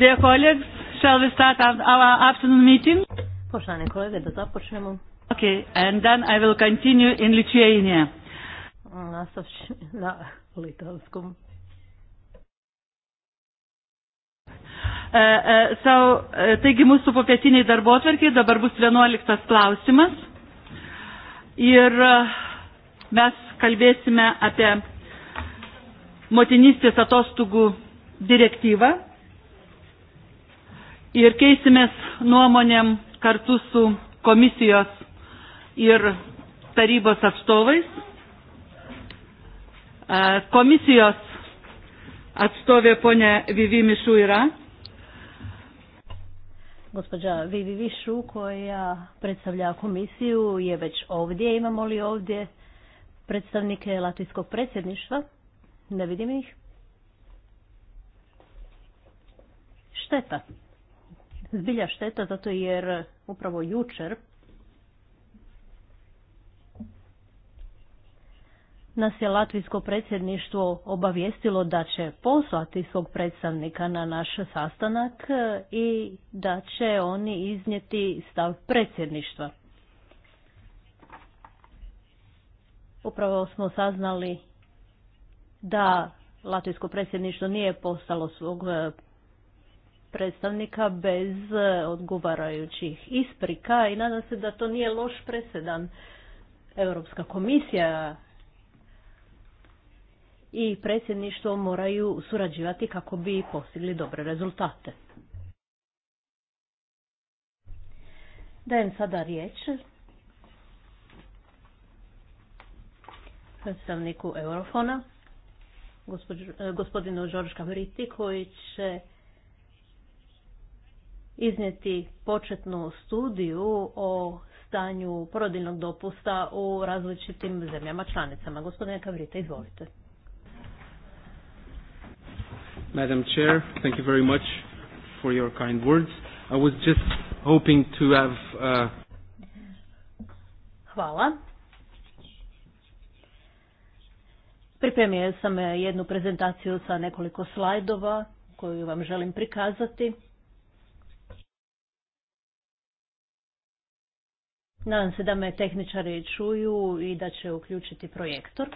Dear colleagues, shall we start our afternoon meeting? Poštovane kolege, da započnemo. Okay, and then I will continue in Lithuania. Nastavši na litovskom. Uh, uh, so, uh, taigi mūsų popietiniai darbotvarkiai dabar bus 11 klausimas ir mes kalbėsime apie motinystės atostogų direktyvą ir keisimės nuomonėm kartu su komisijos ir tarybos atstovais. Komisijos atstovė ponė Vivi Mišų yra. Gospođa Vivi Višu koja predstavlja komisiju je već ovdje. Imamo li ovdje predstavnike Latvijskog predsjedništva? Ne vidim ih. Šteta zbilja šteta zato jer upravo jučer nas je latvijsko predsjedništvo obavijestilo da će poslati svog predstavnika na naš sastanak i da će oni iznijeti stav predsjedništva. Upravo smo saznali da latvijsko predsjedništvo nije postalo svog predstavnika bez e, odgovarajućih isprika i nadam se da to nije loš presedan. Europska komisija i predsjedništvo moraju surađivati kako bi postigli dobre rezultate. Dajem sada riječ predstavniku Eurofona, e, gospodinu Žorška Briti koji će iznijeti početnu studiju o stanju porodiljnog dopusta u različitim zemljama članicama. Gospodine Kavrite, izvolite. Madam Chair, thank you very much for your kind words. I was just hoping to have... Uh, Hvala. Pripremio sam jednu prezentaciju sa nekoliko slajdova koju vam želim prikazati. Nadam se da me tehničari čuju i da će uključiti projektor.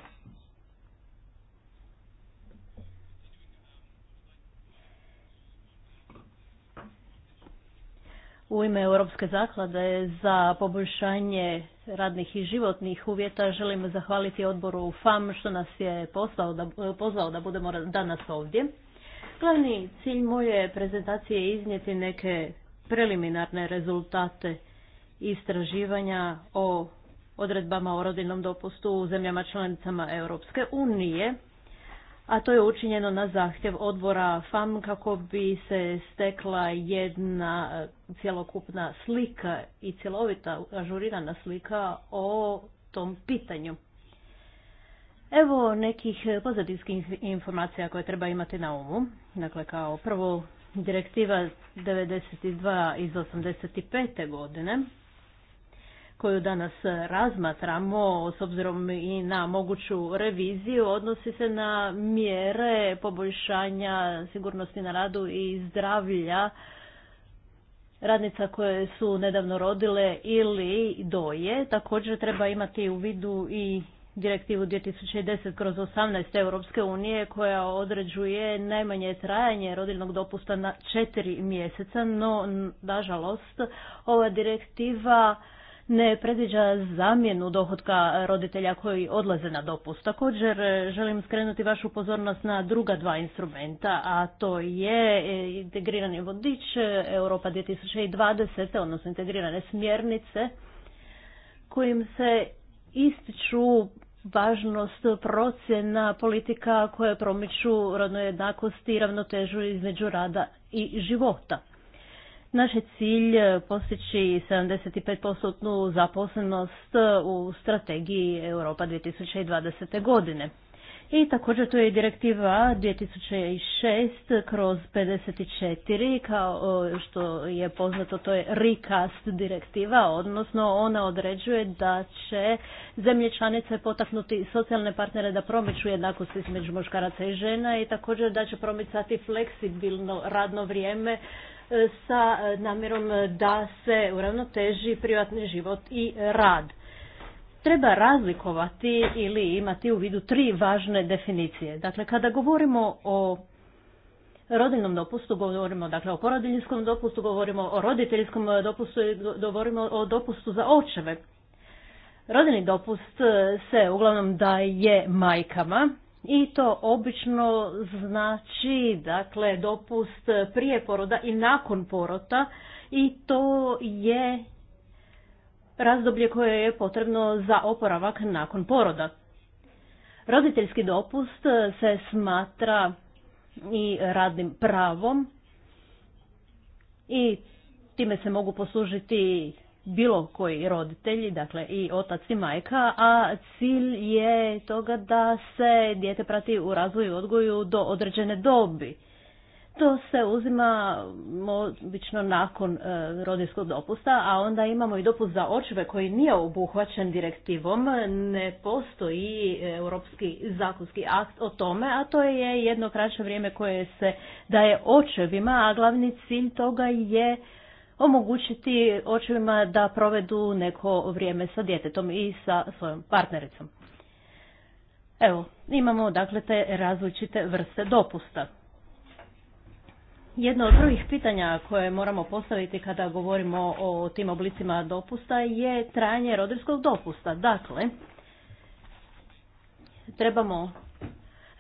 U ime Europske zaklade za poboljšanje radnih i životnih uvjeta želim zahvaliti odboru FAM što nas je da, pozvao da budemo danas ovdje. Glavni cilj moje prezentacije je iznijeti neke preliminarne rezultate istraživanja o odredbama o rodinnom dopustu u zemljama članicama Europske unije, a to je učinjeno na zahtjev odbora FAM kako bi se stekla jedna cjelokupna slika i cjelovita ažurirana slika o tom pitanju. Evo nekih pozadinskih informacija koje treba imati na umu. Dakle, kao prvo direktiva 92 iz 85. godine koju danas razmatramo s obzirom i na moguću reviziju odnosi se na mjere poboljšanja sigurnosti na radu i zdravlja radnica koje su nedavno rodile ili doje. Također treba imati u vidu i direktivu 2010 kroz 18 Europske unije koja određuje najmanje trajanje rodilnog dopusta na četiri mjeseca, no nažalost ova direktiva ne predviđa zamjenu dohodka roditelja koji odlaze na dopust. Također e, želim skrenuti vašu pozornost na druga dva instrumenta, a to je e, integrirani vodič e, Europa 2020, odnosno integrirane smjernice kojim se ističu važnost procjena politika koje promiču rodnojednakosti jednakosti i ravnotežu između rada i života. Naš je cilj e, postići 75% zaposlenost e, u strategiji Europa 2020. godine. I također tu je i direktiva 2006 kroz 54, kao e, što je poznato, to je recast direktiva, odnosno ona određuje da će zemlje članice potaknuti socijalne partnere da promiču jednakost između muškaraca i žena i također da će promicati fleksibilno radno vrijeme sa namjerom da se uravnoteži privatni život i rad. Treba razlikovati ili imati u vidu tri važne definicije. Dakle, kada govorimo o rodiljnom dopustu, govorimo dakle o porodiljskom dopustu, govorimo o roditeljskom dopustu i govorimo o dopustu za očeve. rodini dopust se uglavnom daje majkama, i to obično znači dakle dopust prije poroda i nakon porota i to je razdoblje koje je potrebno za oporavak nakon poroda. Roditeljski dopust se smatra i radnim pravom i time se mogu poslužiti bilo koji roditelji, dakle i otac i majka, a cilj je toga da se dijete prati u razvoju i odgoju do određene dobi. To se uzima mm, obično nakon e, rodinskog dopusta, a onda imamo i dopust za očeve koji nije obuhvaćen direktivom, ne postoji e, europski zakonski akt o tome, a to je jedno kraće vrijeme koje se daje očevima, a glavni cilj toga je omogućiti očevima da provedu neko vrijeme sa djetetom i sa svojom partnericom. Evo, imamo dakle te različite vrste dopusta. Jedno od prvih pitanja koje moramo postaviti kada govorimo o tim oblicima dopusta je trajanje roditeljskog dopusta. Dakle, trebamo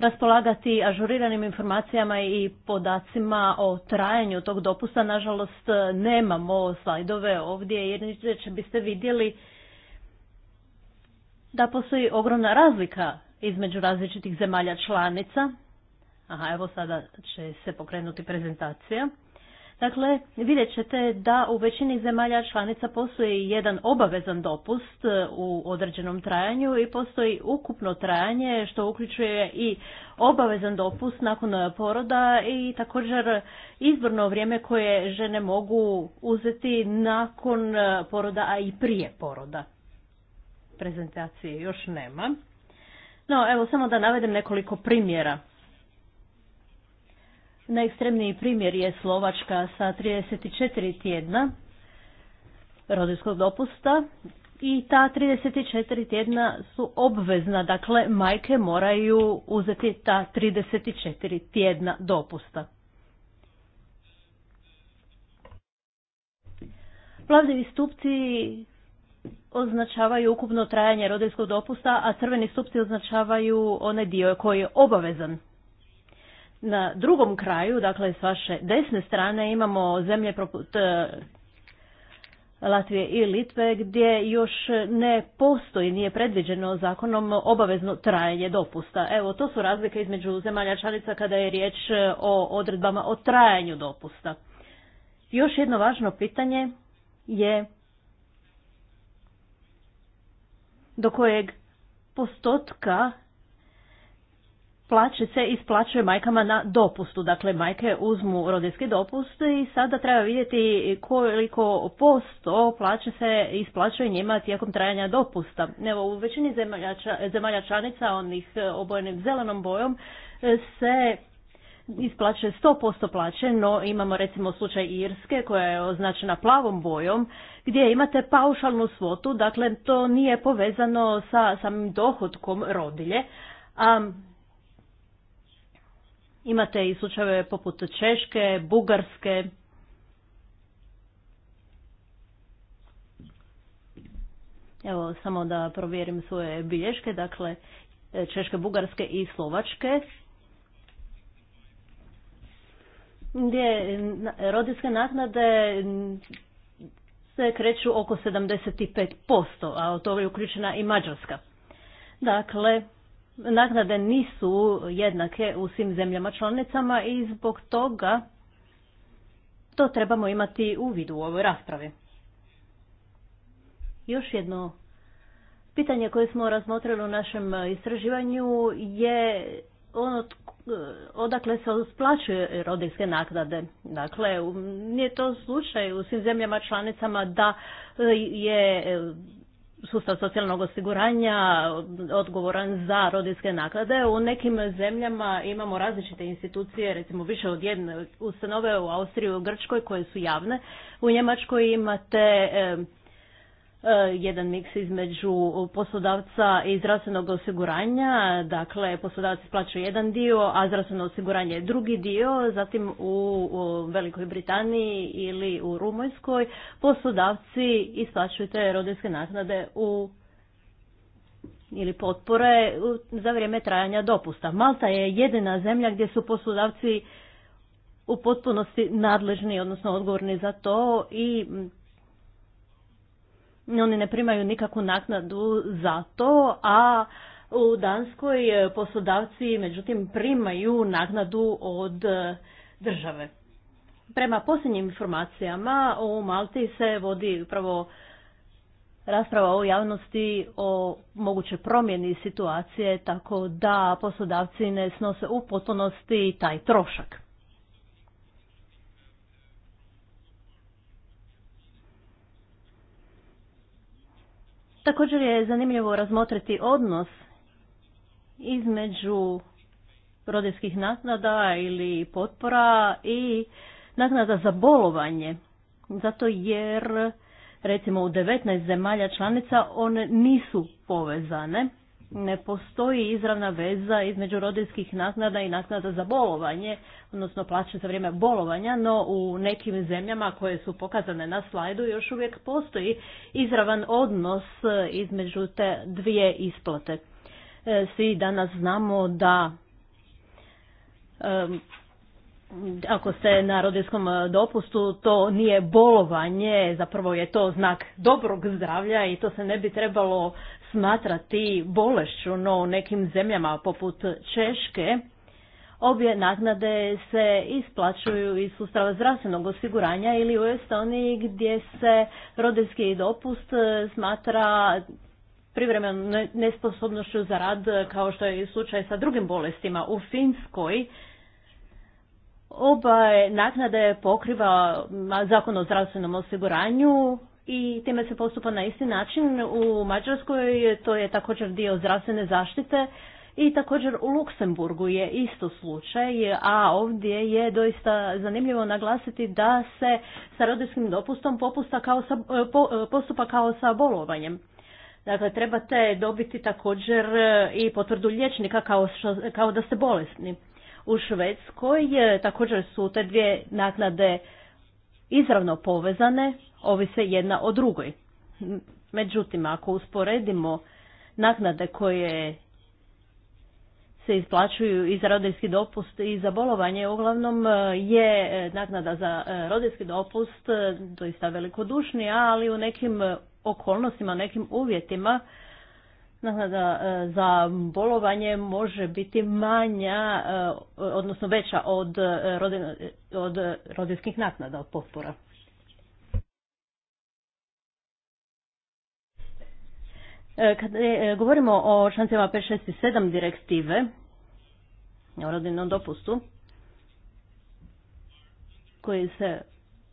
raspolagati ažuriranim informacijama i podacima o trajanju tog dopusta. Nažalost, nemamo slajdove ovdje jer će biste vidjeli da postoji ogromna razlika između različitih zemalja članica. Aha, evo sada će se pokrenuti prezentacija. Dakle, vidjet ćete da u većini zemalja članica postoji jedan obavezan dopust e, u određenom trajanju i postoji ukupno trajanje što uključuje i obavezan dopust nakon poroda i također izborno vrijeme koje žene mogu uzeti nakon e, poroda, a i prije poroda. Prezentacije još nema. No, evo samo da navedem nekoliko primjera. Najekstremniji primjer je Slovačka sa 34 tjedna rodinskog dopusta i ta 34 tjedna su obvezna, dakle majke moraju uzeti ta 34 tjedna dopusta. Plavljivi stupci označavaju ukupno trajanje rodinskog dopusta, a crveni stupci označavaju onaj dio koji je obavezan na drugom kraju, dakle s vaše desne strane, imamo zemlje poput e, Latvije i Litve gdje još ne postoji, nije predviđeno zakonom obavezno trajanje dopusta. Evo, to su razlike između zemalja članica kada je riječ e, o odredbama o trajanju dopusta. Još jedno važno pitanje je do kojeg postotka plaće se isplaćuje majkama na dopustu. Dakle, majke uzmu rodinski dopust i sada treba vidjeti koliko posto plaće se isplaćuje njima tijekom trajanja dopusta. Evo, u većini zemalja, zemalja članica, onih e, obojenim zelenom bojom, e, se isplaćuje 100% plaće, no imamo recimo slučaj Irske koja je označena plavom bojom gdje imate paušalnu svotu, dakle to nije povezano sa samim dohodkom rodilje, a Imate i slučajeve poput Češke, Bugarske. Evo, samo da provjerim svoje bilješke, dakle, Češke, Bugarske i Slovačke. Gdje rodinske naknade se kreću oko 75%, a od toga je uključena i Mađarska. Dakle, naknade nisu jednake u svim zemljama članicama i zbog toga to trebamo imati u vidu u ovoj raspravi. Još jedno pitanje koje smo razmotrili u našem istraživanju je ono odakle se usplaćuje rodinske naknade. Dakle, nije to slučaj u svim zemljama članicama da je sustav socijalnog osiguranja odgovoran za rodinske naknade. U nekim zemljama imamo različite institucije, recimo više od jedne ustanove u Austriji, i u Grčkoj koje su javne. U Njemačkoj imate Eh, jedan miks između poslodavca i zdravstvenog osiguranja, dakle poslodavac plaća jedan dio, a zdravstveno osiguranje je drugi dio, zatim u Velikoj Britaniji ili u Rumunjskoj poslodavci isplaćuju te rodinske naknade u ili potpore za vrijeme trajanja dopusta. Malta je jedina zemlja gdje su poslodavci u potpunosti nadležni, odnosno odgovorni za to i oni ne primaju nikakvu naknadu za to, a u Danskoj e, poslodavci međutim primaju naknadu od e, države. Prema posljednjim informacijama u Malti se vodi upravo rasprava o javnosti o mogućoj promjeni situacije tako da poslodavci ne snose u potpunosti taj trošak. Također je zanimljivo razmotriti odnos između rodinskih naknada ili potpora i naknada za bolovanje. Zato jer recimo u 19 zemalja članica one nisu povezane ne postoji izravna veza između rodinskih naknada i naknada za bolovanje, odnosno plaće za vrijeme bolovanja, no u nekim zemljama koje su pokazane na slajdu još uvijek postoji izravan odnos između te dvije isplate. E, svi danas znamo da ako ste na rodinskom dopustu, to nije bolovanje, zapravo je to znak dobrog zdravlja i to se ne bi trebalo smatrati bolešću, no u nekim zemljama poput Češke obje naknade se isplaćuju iz sustava zdravstvenog osiguranja ili u Estoniji gdje se rodinski dopust smatra privremenom nesposobnošću za rad kao što je slučaj sa drugim bolestima. U Finskoj oba naknade pokriva zakon o zdravstvenom osiguranju, i time se postupa na isti način. U Mađarskoj to je također dio zdravstvene zaštite i također u Luksemburgu je isto slučaj, a ovdje je doista zanimljivo naglasiti da se sa rodinskim dopustom popusta kao e, e, postupa kao sa bolovanjem. Dakle, trebate dobiti također e, i potvrdu liječnika kao, kao da ste bolesni. U Švedskoj također su te dvije naknade izravno povezane, ovise jedna o drugoj. Međutim, ako usporedimo naknade koje se isplaćuju i za rodinski dopust i za bolovanje, uglavnom e, je e, naknada za e, rodinski dopust doista velikodušnija, ali u nekim okolnostima, nekim uvjetima naknada za bolovanje može biti manja, odnosno veća od, od naknada, od potpora. E, kad e, govorimo o člancima 5, 6 i 7 direktive o rodinnom dopustu, koji se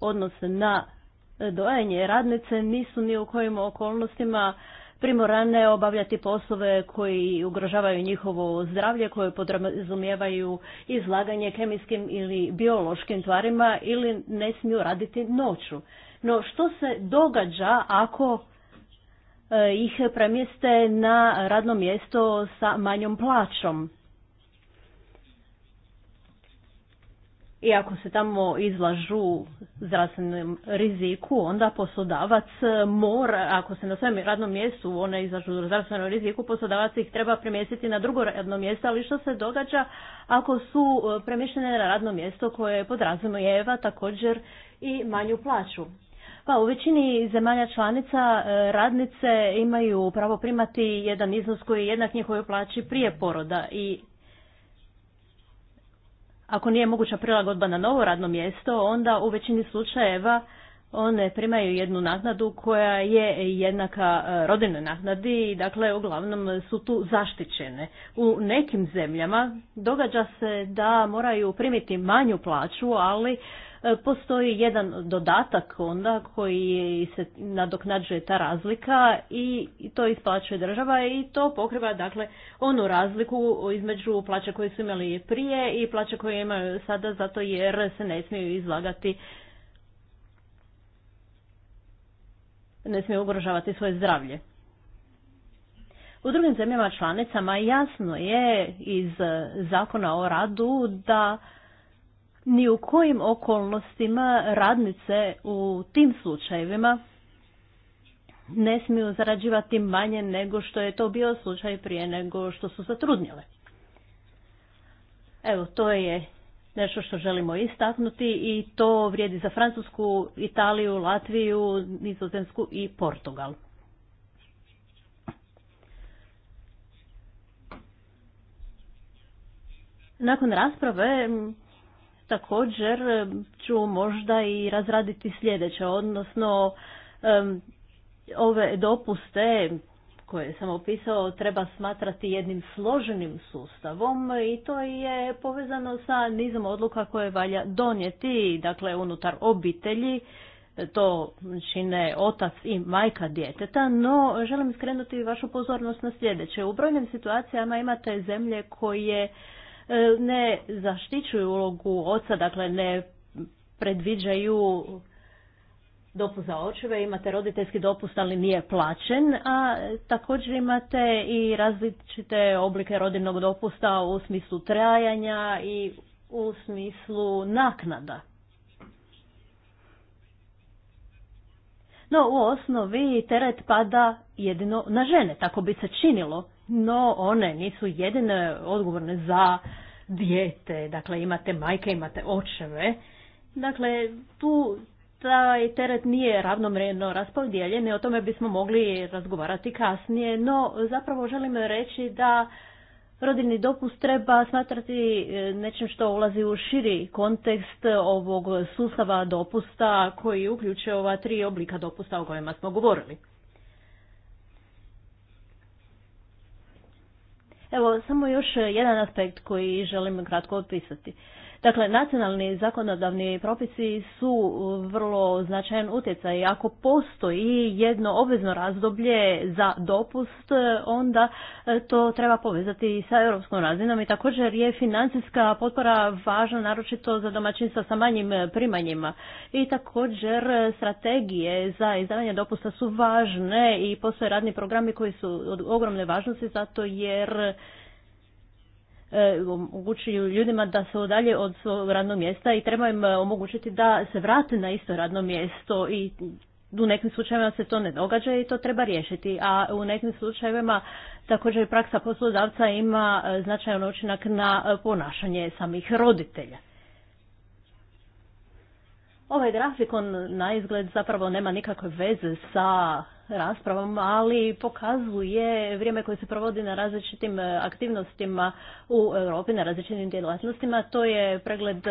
odnose na dojenje, radnice nisu ni u kojim okolnostima primorane obavljati poslove koji ugrožavaju njihovo zdravlje, koje podrazumijevaju izlaganje kemijskim ili biološkim tvarima ili ne smiju raditi noću. No što se događa ako Eh, ih premjeste na radno mjesto sa manjom plaćom. I ako se tamo izlažu zdravstvenom riziku, onda poslodavac eh, mora, ako se na svojem radnom mjestu one izlažu zdravstvenom riziku, poslodavac ih treba premjestiti na drugo radno mjesto, ali što se događa ako su eh, premještene na radno mjesto koje podrazumijeva također i manju plaću. Pa u većini zemalja članica e, radnice imaju pravo primati jedan iznos koji je jednak njihovoj plaći prije poroda i ako nije moguća prilagodba na novo radno mjesto, onda u većini slučajeva one primaju jednu naknadu koja je jednaka e, rodinoj naknadi i dakle uglavnom su tu zaštićene. U nekim zemljama događa se da moraju primiti manju plaću, ali E, postoji jedan dodatak onda koji se nadoknađuje ta razlika i to isplaćuje država i to pokriva dakle onu razliku između plaća koje su imali prije i plaća koje imaju sada zato jer se ne smiju izlagati ne smiju ugrožavati svoje zdravlje. U drugim zemljama članicama jasno je iz zakona o radu da ni u kojim okolnostima radnice u tim slučajevima ne smiju zarađivati manje nego što je to bio slučaj prije nego što su zatrudnjile. Evo, to je nešto što želimo istaknuti i to vrijedi za Francusku, Italiju, Latviju, Nizozemsku i Portugal. Nakon rasprave Također ću možda i razraditi sljedeće, odnosno ove dopuste koje sam opisao treba smatrati jednim složenim sustavom i to je povezano sa nizom odluka koje valja donijeti, dakle unutar obitelji, to čine otac i majka djeteta, no želim skrenuti vašu pozornost na sljedeće. U brojnim situacijama imate zemlje koje E, ne zaštićuju ulogu oca, dakle ne predviđaju dopust za očeve, imate roditeljski dopust ali nije plaćen, a također imate i različite oblike rodinog dopusta u smislu trajanja i u smislu naknada. No u osnovi teret pada jedino na žene, tako bi se činilo no one nisu jedine odgovorne za dijete. Dakle, imate majke, imate očeve. Dakle, tu taj teret nije ravnomjerno raspodijeljen i o tome bismo mogli razgovarati kasnije, no zapravo želim reći da rodilni dopust treba smatrati e, nečim što ulazi u širi kontekst ovog sustava dopusta koji uključuje ova tri oblika dopusta o kojima smo govorili. Evo, samo još jedan aspekt koji želim kratko opisati. Dakle, nacionalni zakonodavni propisi su vrlo značajan utjecaj. Ako postoji jedno obvezno razdoblje za dopust, e, onda e, to treba povezati sa europskom razinom i također je financijska potpora važna naročito za domaćinstva sa manjim e, primanjima. I također strategije za izdavanje dopusta su važne i postoje radni programi koji su od ogromne važnosti zato jer E, omogućuju ljudima da se odalje od svog radnog mjesta i treba im e, omogućiti da se vrate na isto radno mjesto i u nekim slučajevima se to ne događa i to treba riješiti, a u nekim slučajevima također praksa poslodavca ima e, značajan učinak na ponašanje samih roditelja. Ovaj grafikon na izgled zapravo nema nikakve veze sa raspravom, ali pokazuje vrijeme koje se provodi na različitim e, aktivnostima u Europi, na različitim djelatnostima. To je pregled e,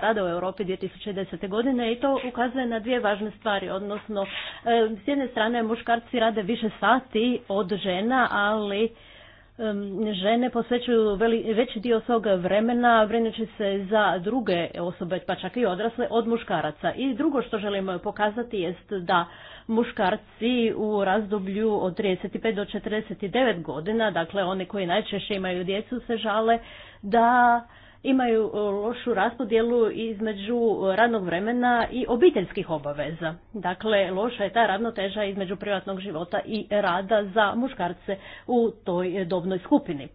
rada u Europi 2010. godine i to ukazuje na dvije važne stvari, odnosno e, s jedne strane muškarci rade više sati od žena, ali žene posvećuju veći dio svog vremena vrenući se za druge osobe, pa čak i odrasle, od muškaraca. I drugo što želimo pokazati jest da muškarci u razdoblju od 35 do 49 godina, dakle oni koji najčešće imaju djecu se žale da imaju e, lošu raspodjelu između radnog vremena i obiteljskih obaveza. Dakle, loša je ta ravnoteža između privatnog života i rada za muškarce u toj e, dobnoj skupini.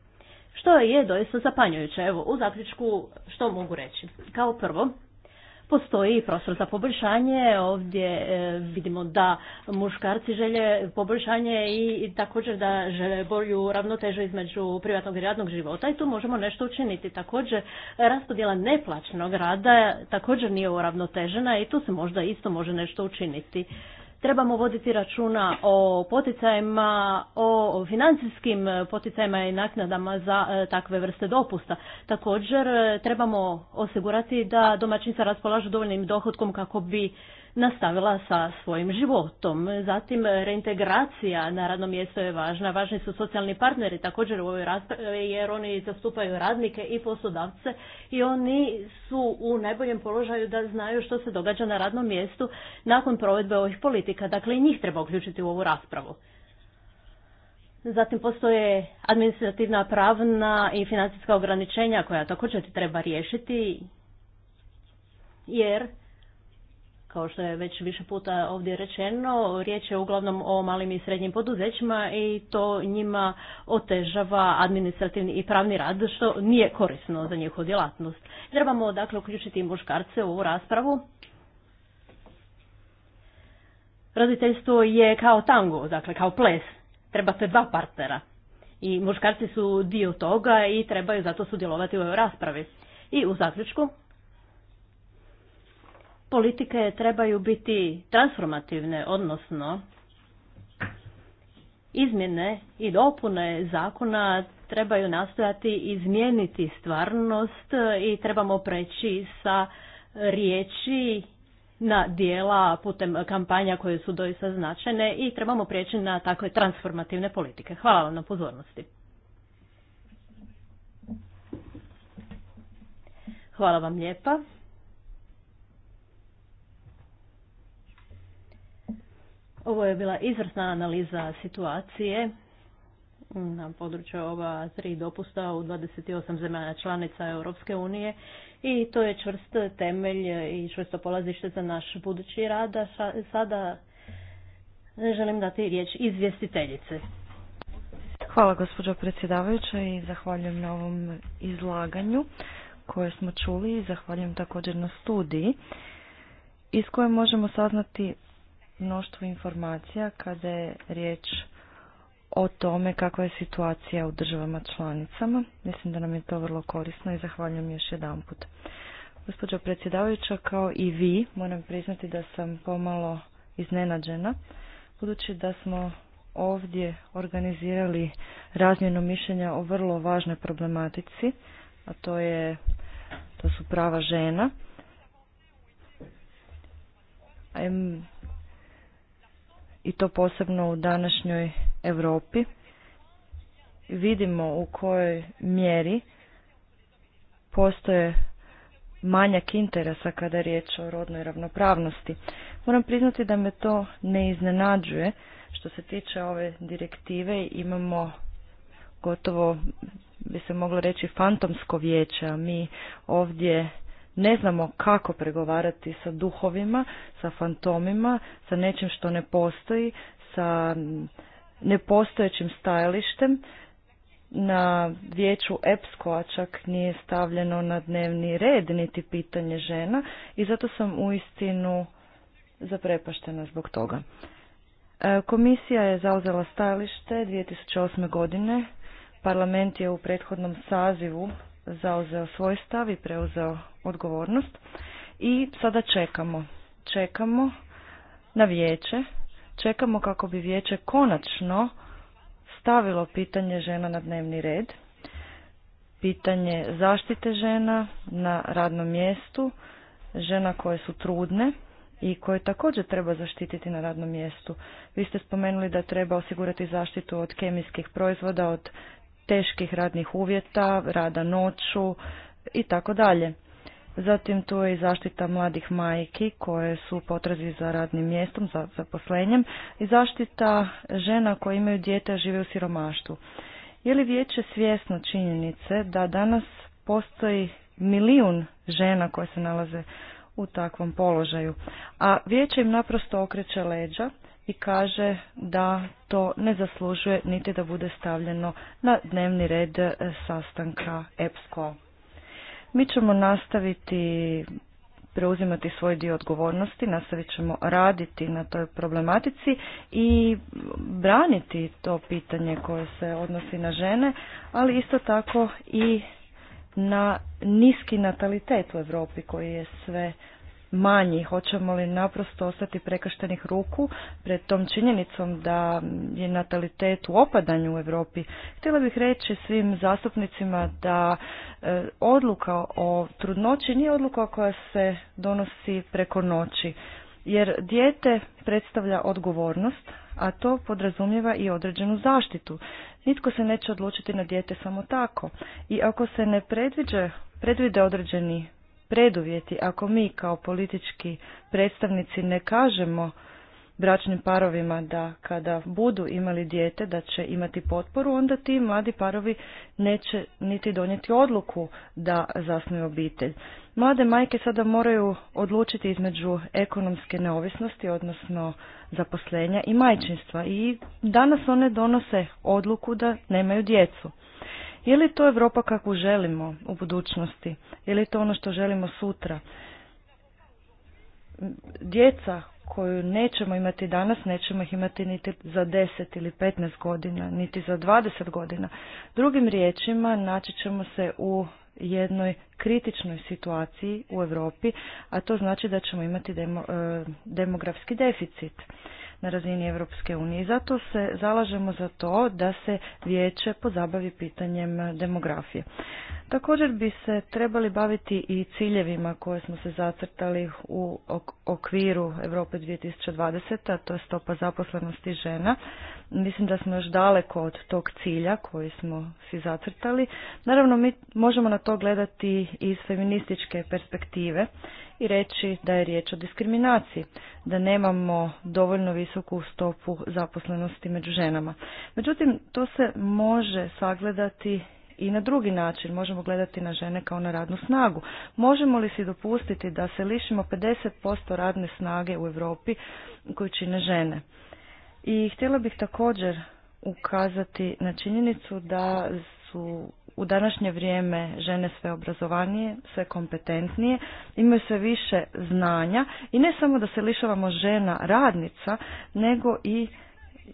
Što je doista zapanjujuće? Evo, u zaključku što mogu reći? Kao prvo, postoji i prostor za poboljšanje. Ovdje e, vidimo da muškarci žele poboljšanje i također da žele bolju ravnotežu između privatnog i radnog života i tu možemo nešto učiniti. Također raspodjela neplaćenog rada također nije uravnotežena i tu se možda isto može nešto učiniti. Trebamo voditi računa o poticajima, o financijskim poticajima i naknadama za e, takve vrste dopusta. Također e, trebamo osigurati da domaćinca raspolažu dovoljnim dohodkom kako bi nastavila sa svojim životom. Zatim reintegracija na radnom mjesto je važna. Važni su socijalni partneri također u ovoj raspravi jer oni zastupaju radnike i poslodavce i oni su u najboljem položaju da znaju što se događa na radnom mjestu nakon provedbe ovih politika. Dakle, i njih treba uključiti u ovu raspravu. Zatim postoje administrativna, pravna i financijska ograničenja koja također treba riješiti jer kao što je već više puta ovdje rečeno, riječ je uglavnom o malim i srednjim poduzećima i to njima otežava administrativni i pravni rad, što nije korisno za njihovu djelatnost. Trebamo dakle uključiti muškarce u ovu raspravu. Roditeljstvo je kao tango, dakle kao ples. Trebate dva partnera. I muškarci su dio toga i trebaju zato sudjelovati u ovoj raspravi. I u zaključku, politike trebaju biti transformativne, odnosno izmjene i dopune zakona trebaju nastojati izmijeniti stvarnost i trebamo preći sa riječi na dijela putem kampanja koje su doista značene i trebamo prijeći na takve transformativne politike. Hvala vam na pozornosti. Hvala vam lijepa. Ovo je bila izvrsna analiza situacije na području ova tri dopusta u 28 zemalja članica Europske unije i to je čvrst temelj i čvrsto polazište za naš budući rad. Sada želim dati riječ izvjestiteljice. Hvala gospođo predsjedavajuća i zahvaljujem na ovom izlaganju koje smo čuli i zahvaljujem također na studiji iz koje možemo saznati mnoštvo informacija kada je riječ o tome kakva je situacija u državama članicama. Mislim da nam je to vrlo korisno i zahvaljujem još jedanput. Gospođo predsjedavajuća, kao i vi, moram priznati da sam pomalo iznenađena, budući da smo ovdje organizirali razmjenu mišljenja o vrlo važnoj problematici, a to, je, to su prava žena i to posebno u današnjoj Europi. Vidimo u kojoj mjeri postoje manjak interesa kada je riječ o rodnoj ravnopravnosti. Moram priznati da me to ne iznenađuje. Što se tiče ove direktive imamo gotovo bi se moglo reći fantomsko vijeće, a mi ovdje ne znamo kako pregovarati sa duhovima, sa fantomima, sa nečim što ne postoji, sa nepostojećim stajalištem. Na vijeću EPSKO-a čak nije stavljeno na dnevni red niti pitanje žena i zato sam u istinu zaprepaštena zbog toga. E, komisija je zauzela stajalište 2008. godine. Parlament je u prethodnom sazivu zauzeo svoj stav i preuzeo odgovornost i sada čekamo. Čekamo na vijeće, čekamo kako bi vijeće konačno stavilo pitanje žena na dnevni red, pitanje zaštite žena na radnom mjestu, žena koje su trudne i koje također treba zaštititi na radnom mjestu. Vi ste spomenuli da treba osigurati zaštitu od kemijskih proizvoda, od teških radnih uvjeta, rada noću i tako dalje. Zatim tu je i zaštita mladih majki koje su potrazi za radnim mjestom, za zaposlenjem i zaštita žena koje imaju dijete a žive u siromaštvu. Je li vijeće svjesno činjenice da danas postoji milijun žena koje se nalaze u takvom položaju, a vijeće im naprosto okreće leđa i kaže da to ne zaslužuje niti da bude stavljeno na dnevni red e, sastanka EPSCO. Mi ćemo nastaviti preuzimati svoj dio odgovornosti, nastavit ćemo raditi na toj problematici i braniti to pitanje koje se odnosi na žene, ali isto tako i na niski natalitet u Europi koji je sve manji, hoćemo li naprosto ostati prekaštenih ruku pred tom činjenicom da je natalitet u opadanju u Europi. Htjela bih reći svim zastupnicima da e, odluka o trudnoći nije odluka koja se donosi preko noći. Jer dijete predstavlja odgovornost, a to podrazumijeva i određenu zaštitu. Nitko se neće odlučiti na dijete samo tako. I ako se ne predviđa, predvide određeni preduvjeti. Ako mi kao politički predstavnici ne kažemo bračnim parovima da kada budu imali dijete da će imati potporu, onda ti mladi parovi neće niti donijeti odluku da zasnuju obitelj. Mlade majke sada moraju odlučiti između ekonomske neovisnosti, odnosno zaposlenja i majčinstva i danas one donose odluku da nemaju djecu. Je li to Europa kakvu želimo u budućnosti? Je li to ono što želimo sutra? Djeca koju nećemo imati danas, nećemo ih imati niti za 10 ili 15 godina, niti za 20 godina. Drugim riječima, naći ćemo se u jednoj kritičnoj situaciji u Europi, a to znači da ćemo imati e, demografski deficit na razini Europske unije. I zato se zalažemo za to da se vijeće pozabavi pitanjem demografije. Također bi se trebali baviti i ciljevima koje smo se zacrtali u okviru Europe 2020, a to je stopa zaposlenosti žena mislim da smo još daleko od tog cilja koji smo si zacrtali. Naravno, mi možemo na to gledati iz feminističke perspektive i reći da je riječ o diskriminaciji, da nemamo dovoljno visoku stopu zaposlenosti među ženama. Međutim, to se može sagledati i na drugi način možemo gledati na žene kao na radnu snagu. Možemo li si dopustiti da se lišimo 50% radne snage u Europi koju čine žene? I htjela bih također ukazati na činjenicu da su u današnje vrijeme žene sve obrazovanije, sve kompetentnije, imaju sve više znanja i ne samo da se lišavamo žena radnica, nego i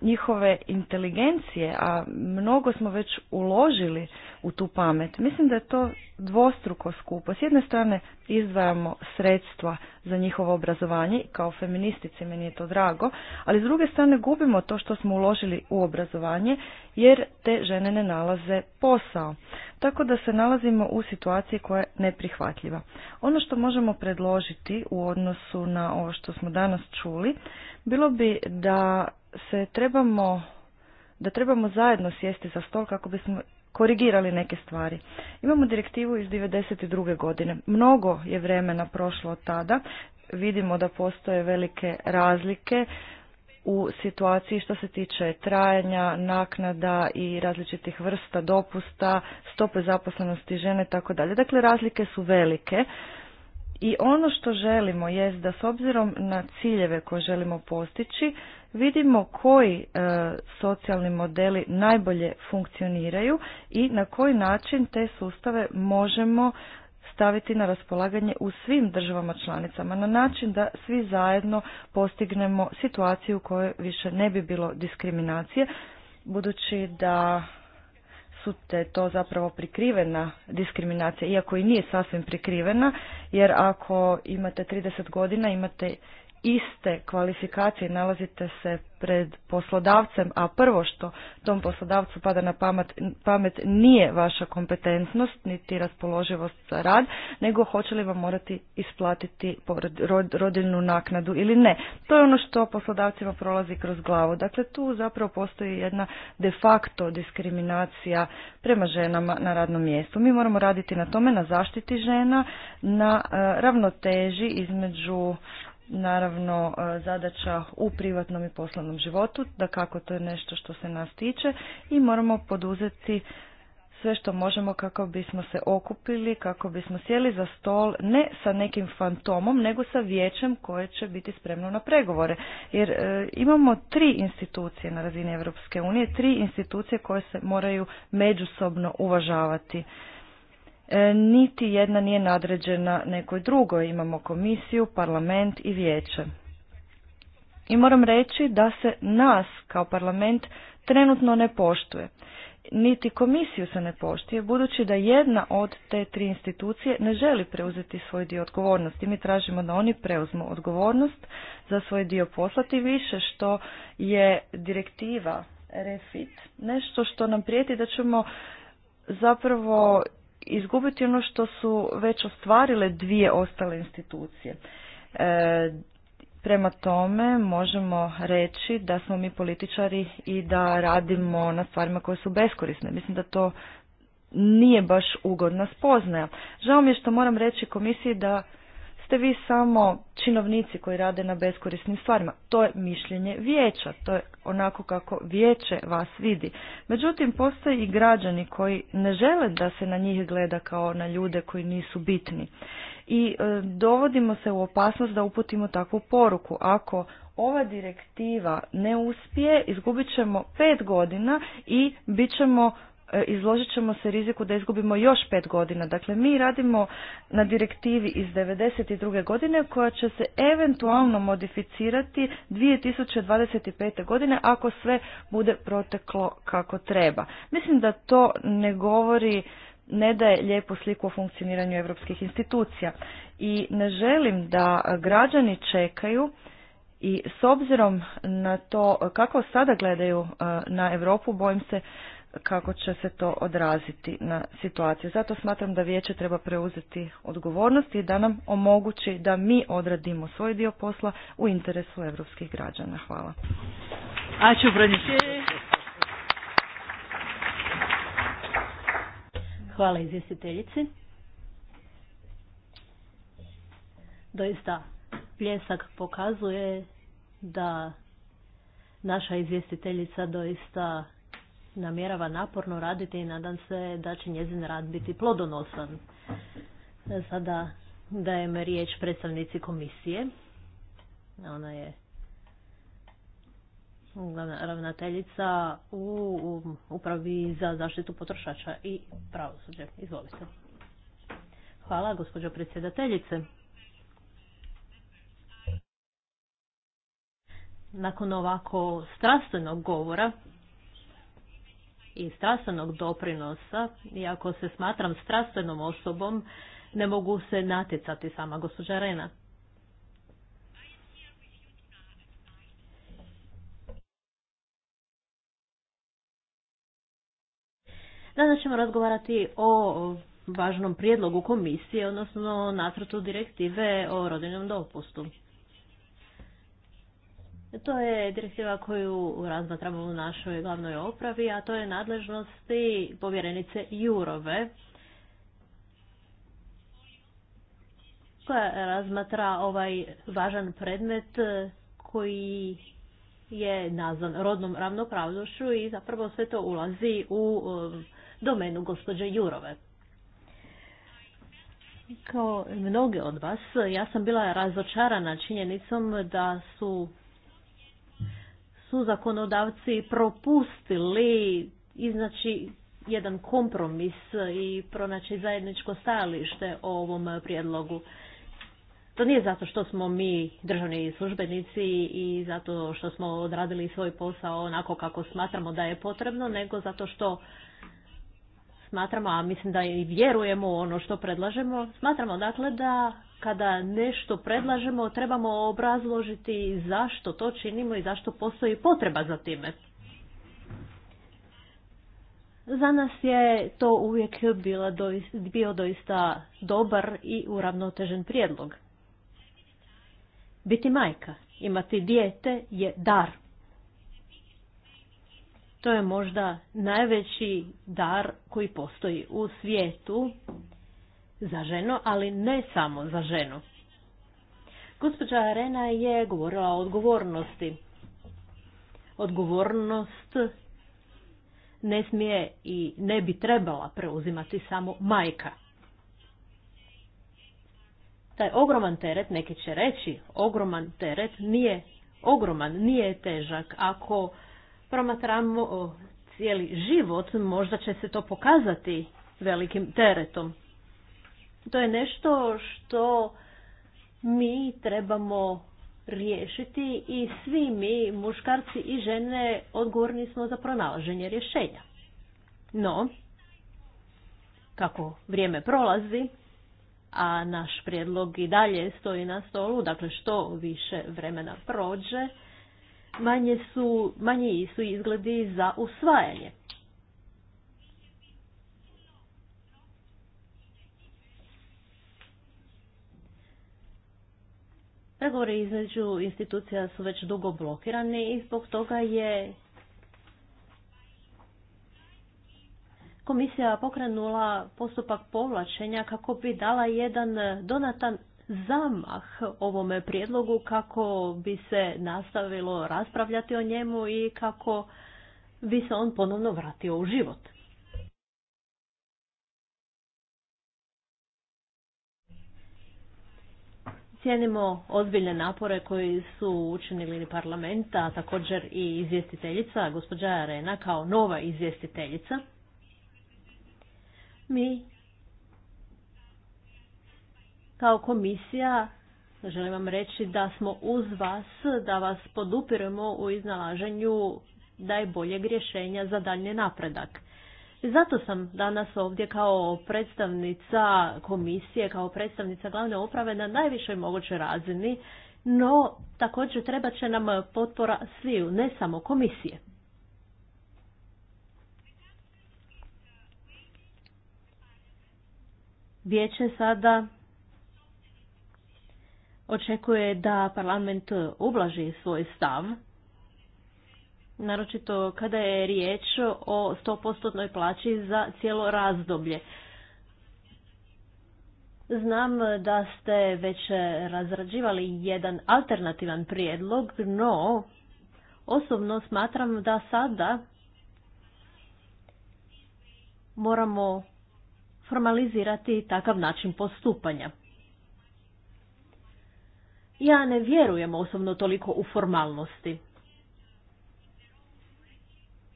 njihove inteligencije, a mnogo smo već uložili u tu pamet. Mislim da je to dvostruko skupo. S jedne strane izdvajamo sredstva za njihovo obrazovanje, kao feministici meni je to drago, ali s druge strane gubimo to što smo uložili u obrazovanje, jer te žene ne nalaze posao. Tako da se nalazimo u situaciji koja je neprihvatljiva. Ono što možemo predložiti u odnosu na ovo što smo danas čuli, bilo bi da se trebamo da trebamo zajedno sjesti za stol kako bismo korigirali neke stvari. Imamo direktivu iz 1992. godine. Mnogo je vremena prošlo od tada. Vidimo da postoje velike razlike u situaciji što se tiče trajanja, naknada i različitih vrsta dopusta, stope zaposlenosti žene tako dalje. Dakle, razlike su velike. I ono što želimo jest da s obzirom na ciljeve koje želimo postići, vidimo koji e, socijalni modeli najbolje funkcioniraju i na koji način te sustave možemo staviti na raspolaganje u svim državama članicama na način da svi zajedno postignemo situaciju u kojoj više ne bi bilo diskriminacije budući da su te to zapravo prikrivena diskriminacija, iako i nije sasvim prikrivena, jer ako imate 30 godina imate iste kvalifikacije nalazite se pred poslodavcem, a prvo što tom poslodavcu pada na pamet, nije vaša kompetentnost niti raspoloživost za rad, nego hoće li vam morati isplatiti rodiljnu naknadu ili ne. To je ono što poslodavcima prolazi kroz glavu. Dakle, tu zapravo postoji jedna de facto diskriminacija prema ženama na radnom mjestu. Mi moramo raditi na tome, na zaštiti žena, na e, ravnoteži između naravno e, zadaća u privatnom i poslovnom životu, da kako to je nešto što se nas tiče i moramo poduzeti sve što možemo kako bismo se okupili, kako bismo sjeli za stol ne sa nekim fantomom, nego sa vijećem koje će biti spremno na pregovore. Jer e, imamo tri institucije na razini Europske unije, tri institucije koje se moraju međusobno uvažavati. E, niti jedna nije nadređena nekoj drugoj. Imamo komisiju, parlament i vijeće. I moram reći da se nas kao parlament trenutno ne poštuje. Niti komisiju se ne poštuje, budući da jedna od te tri institucije ne želi preuzeti svoj dio odgovornosti. Mi tražimo da oni preuzmu odgovornost za svoj dio poslati više što je direktiva refit, nešto što nam prijeti da ćemo zapravo izgubiti ono što su već ostvarile dvije ostale institucije. E, prema tome možemo reći da smo mi političari i da radimo na stvarima koje su beskorisne. Mislim da to nije baš ugodna spoznaja. Žao mi je što moram reći komisiji da ste vi samo činovnici koji rade na beskorisnim stvarima. To je mišljenje vijeća, to je onako kako vijeće vas vidi. Međutim, postoje i građani koji ne žele da se na njih gleda kao na ljude koji nisu bitni. I e, dovodimo se u opasnost da uputimo takvu poruku. Ako ova direktiva ne uspije, izgubit ćemo pet godina i bit ćemo E, izložit ćemo se riziku da izgubimo još pet godina. Dakle, mi radimo na direktivi iz 1992. godine koja će se eventualno modificirati 2025. godine ako sve bude proteklo kako treba. Mislim da to ne govori ne daje lijepu sliku o funkcioniranju europskih institucija i ne želim da građani čekaju i s obzirom na to kako sada gledaju e, na Europu bojim se kako će se to odraziti na situaciju. Zato smatram da vijeće treba preuzeti odgovornost i da nam omogući da mi odradimo svoj dio posla u interesu evropskih građana. Hvala. Hvala izvjestiteljici. Doista, pljesak pokazuje da naša izvjestiteljica doista namjerava naporno raditi i nadam se da će njezin rad biti plodonosan. Sada dajem riječ predstavnici komisije. Ona je ravnateljica u upravi za zaštitu potrošača i pravosuđe. Izvolite. Hvala, gospođo predsjedateljice. Nakon ovako strastvenog govora, i strastvenog doprinosa, iako se smatram strastvenom osobom, ne mogu se natjecati sama gospođa Rena. Danas ćemo razgovarati o važnom prijedlogu komisije, odnosno nacrtu direktive o rodinom dopustu. To je direktiva koju razmatramo u našoj glavnoj opravi, a to je nadležnosti povjerenice Jurove, koja razmatra ovaj važan predmet koji je nazvan rodnom ravnopravnošću i zapravo sve to ulazi u um, domenu gospođe Jurove. Kao mnoge od vas, ja sam bila razočarana činjenicom da su su zakonodavci propustili iznaći jedan kompromis i pronaći zajedničko stajalište o ovom prijedlogu. To nije zato što smo mi državni službenici i zato što smo odradili svoj posao onako kako smatramo da je potrebno, nego zato što smatramo, a mislim da i vjerujemo u ono što predlažemo, smatramo dakle da kada nešto predlažemo, trebamo obrazložiti zašto to činimo i zašto postoji potreba za time. Za nas je to uvijek bila bio doista dobar i uravnotežen prijedlog. Biti majka, imati dijete je dar. To je možda najveći dar koji postoji u svijetu za ženo, ali ne samo za ženu. Gospođa Arena je govorila o odgovornosti. Odgovornost ne smije i ne bi trebala preuzimati samo majka. Taj ogroman teret, neki će reći, ogroman teret nije ogroman, nije težak. Ako promatramo cijeli život, možda će se to pokazati velikim teretom. To je nešto što mi trebamo riješiti i svi mi, muškarci i žene, odgovorni smo za pronalaženje rješenja. No, kako vrijeme prolazi, a naš prijedlog i dalje stoji na stolu, dakle što više vremena prođe, manje su, manji su izgledi za usvajanje. Pregovori između institucija su već dugo blokirani i zbog toga je komisija pokrenula postupak povlačenja kako bi dala jedan donatan zamah ovome prijedlogu kako bi se nastavilo raspravljati o njemu i kako bi se on ponovno vratio u život. Cijenimo ozbiljne napore koji su učinili parlamenta, a također i izvjestiteljica, gospođa Arena, kao nova izvjestiteljica. Mi kao komisija želim vam reći da smo uz vas, da vas podupiremo u iznalaženju najboljeg rješenja za daljnji napredak. Zato sam danas ovdje kao predstavnica komisije, kao predstavnica glavne uprave na najvišoj mogućoj razini, no također treba će nam potpora sviju, ne samo komisije. Vijeće sada očekuje da parlament ublaži svoj stav naročito kada je riječ o 100% plaći za cijelo razdoblje. Znam da ste već razrađivali jedan alternativan prijedlog, no osobno smatram da sada moramo formalizirati takav način postupanja. Ja ne vjerujem osobno toliko u formalnosti.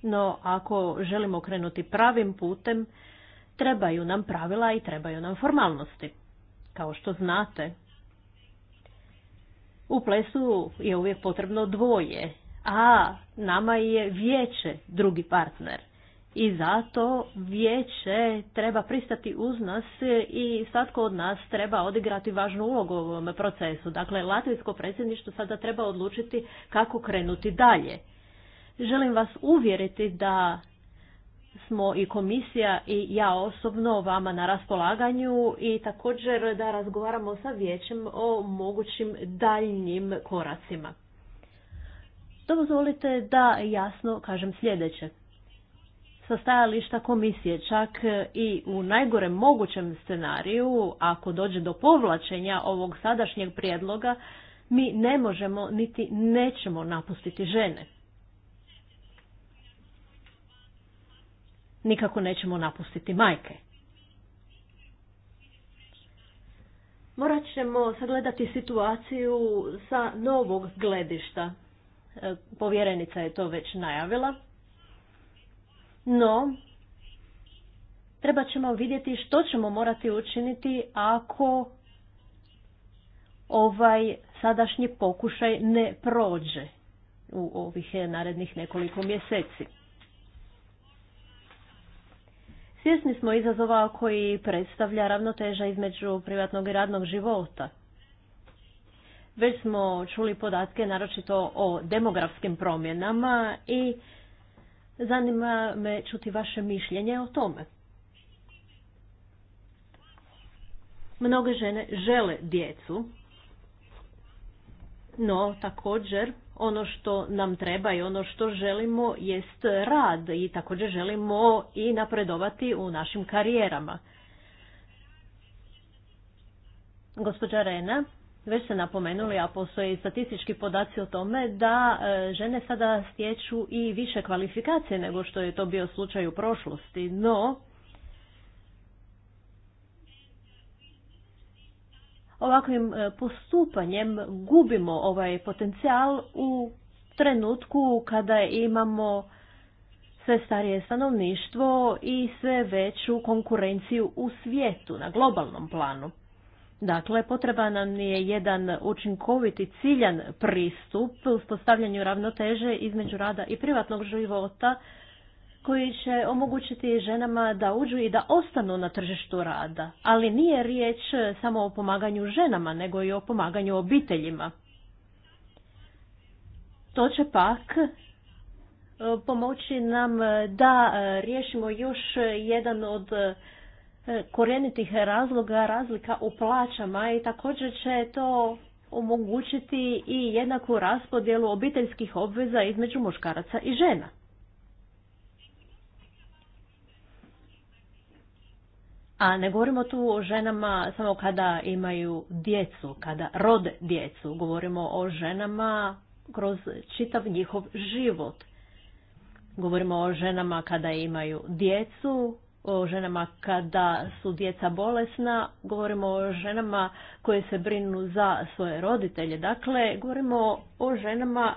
No, ako želimo krenuti pravim putem, trebaju nam pravila i trebaju nam formalnosti. Kao što znate, u plesu je uvijek potrebno dvoje, a nama je vijeće drugi partner. I zato vijeće treba pristati uz nas i svatko od nas treba odigrati važnu ulogu u ovom procesu. Dakle, Latvijsko predsjedništvo sada treba odlučiti kako krenuti dalje. Želim vas uvjeriti da smo i komisija i ja osobno vama na raspolaganju i također da razgovaramo sa vijećem o mogućim daljnjim koracima. Dozvolite da jasno kažem sljedeće. Sa komisije čak i u najgorem mogućem scenariju, ako dođe do povlačenja ovog sadašnjeg prijedloga, mi ne možemo niti nećemo napustiti žene. nikako nećemo napustiti majke. Morat ćemo sagledati situaciju sa novog gledišta. E, povjerenica je to već najavila. No, treba ćemo vidjeti što ćemo morati učiniti ako ovaj sadašnji pokušaj ne prođe u ovih narednih nekoliko mjeseci. Svjesni smo izazova koji predstavlja ravnoteža između privatnog i radnog života. Već smo čuli podatke naročito o demografskim promjenama i zanima me čuti vaše mišljenje o tome. Mnoge žene žele djecu, no također ono što nam treba i ono što želimo jest rad i također želimo i napredovati u našim karijerama. Gospođa Rena, već ste napomenuli, a postoje i statistički podaci o tome da e, žene sada stječu i više kvalifikacije nego što je to bio slučaj u prošlosti, no ovakvim e, postupanjem gubimo ovaj potencijal u trenutku kada imamo sve starije stanovništvo i sve veću konkurenciju u svijetu na globalnom planu. Dakle, potreba nam je jedan i ciljan pristup u uspostavljanju ravnoteže između rada i privatnog života koji će omogućiti ženama da uđu i da ostanu na tržištu rada. Ali nije riječ samo o pomaganju ženama, nego i o pomaganju obiteljima. To će pak e, pomoći nam da e, riješimo još jedan od e, korenitih razloga razlika u plaćama i također će to omogućiti i jednaku raspodjelu obiteljskih obveza između muškaraca i žena. A ne govorimo tu o ženama samo kada imaju djecu, kada rode djecu. Govorimo o ženama kroz čitav njihov život. Govorimo o ženama kada imaju djecu, o ženama kada su djeca bolesna, govorimo o ženama koje se brinu za svoje roditelje. Dakle, govorimo o ženama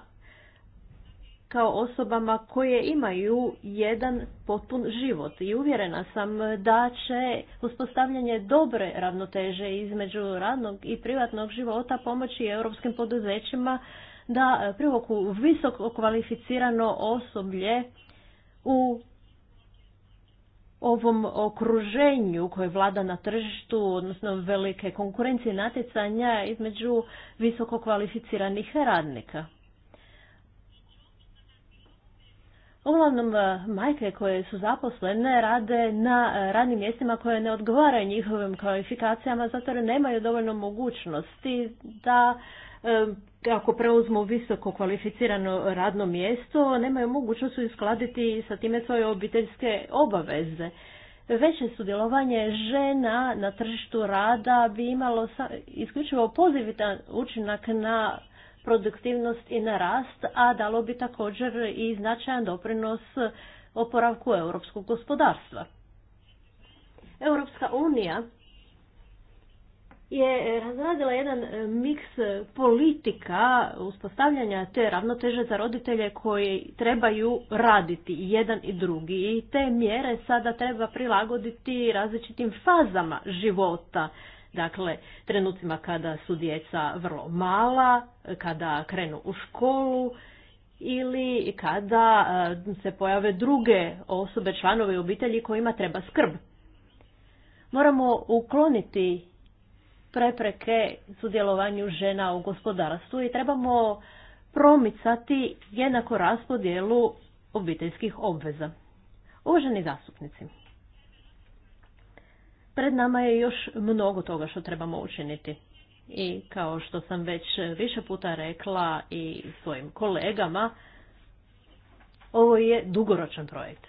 kao osobama koje imaju jedan potpun život i uvjerena sam da će uspostavljanje dobre ravnoteže između radnog i privatnog života pomoći europskim poduzećima da privoku visoko kvalificirano osoblje u ovom okruženju koje vlada na tržištu, odnosno velike konkurencije natjecanja između visoko kvalificiranih radnika. Uglavnom, e, majke koje su zaposlene rade na e, radnim mjestima koje ne odgovaraju njihovim kvalifikacijama, zato jer nemaju dovoljno mogućnosti da e, ako preuzmu visoko kvalificirano radno mjesto, nemaju mogućnost uskladiti sa time svoje obiteljske obaveze. Veće sudjelovanje žena na tržištu rada bi imalo isključivo pozitivan učinak na produktivnost i na rast, a dalo bi također i značajan doprinos oporavku europskog gospodarstva. Europska unija je razradila jedan miks politika uspostavljanja te ravnoteže za roditelje koji trebaju raditi jedan i drugi i te mjere sada treba prilagoditi različitim fazama života Dakle, trenucima kada su djeca vrlo mala, kada krenu u školu ili kada e, se pojave druge osobe, članovi obitelji kojima treba skrb. Moramo ukloniti prepreke sudjelovanju žena u gospodarstvu i trebamo promicati jednako raspodjelu obiteljskih obveza. Uvaženi zastupnici, pred nama je još mnogo toga što trebamo učiniti. I kao što sam već više puta rekla i svojim kolegama, ovo je dugoročan projekt.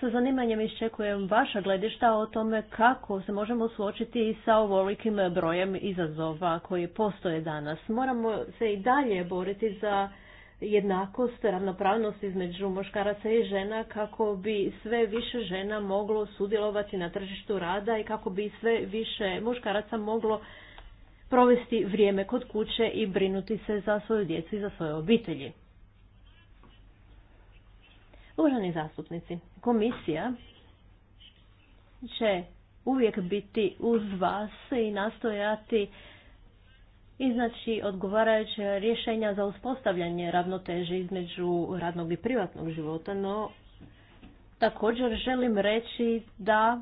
Sa zanimanjem iščekujem vaša gledišta o tome kako se možemo suočiti i sa ovolikim brojem izazova koji postoje danas. Moramo se i dalje boriti za jednakost, ravnopravnost između muškaraca i žena kako bi sve više žena moglo sudjelovati na tržištu rada i kako bi sve više muškaraca moglo provesti vrijeme kod kuće i brinuti se za svoju djecu i za svoje obitelji. Uvaženi zastupnici, komisija će uvijek biti uz vas i nastojati iznaći odgovarajuće rješenja za uspostavljanje ravnoteže između radnog i privatnog života, no također želim reći da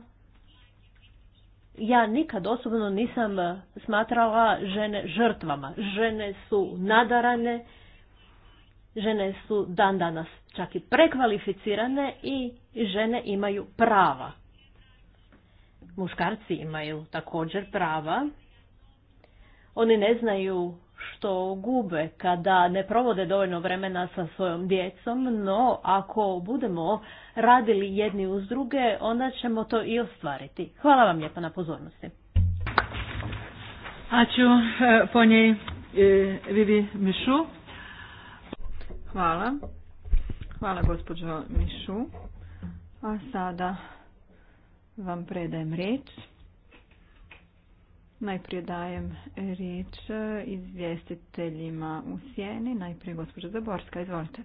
ja nikad osobno nisam smatrala žene žrtvama. Žene su nadarane, žene su dan danas čak i prekvalificirane i žene imaju prava. Muškarci imaju također prava oni ne znaju što gube kada ne provode dovoljno vremena sa svojom djecom, no ako budemo radili jedni uz druge, onda ćemo to i ostvariti. Hvala vam lijepa na pozornosti. Aću e, po njej e, Vivi Mišu. Hvala. Hvala gospođo Mišu. A sada vam predajem riječ. Najprije dajem riječ izvjestiteljima u sjeni. Najprije gospođa Zaborska, izvolite.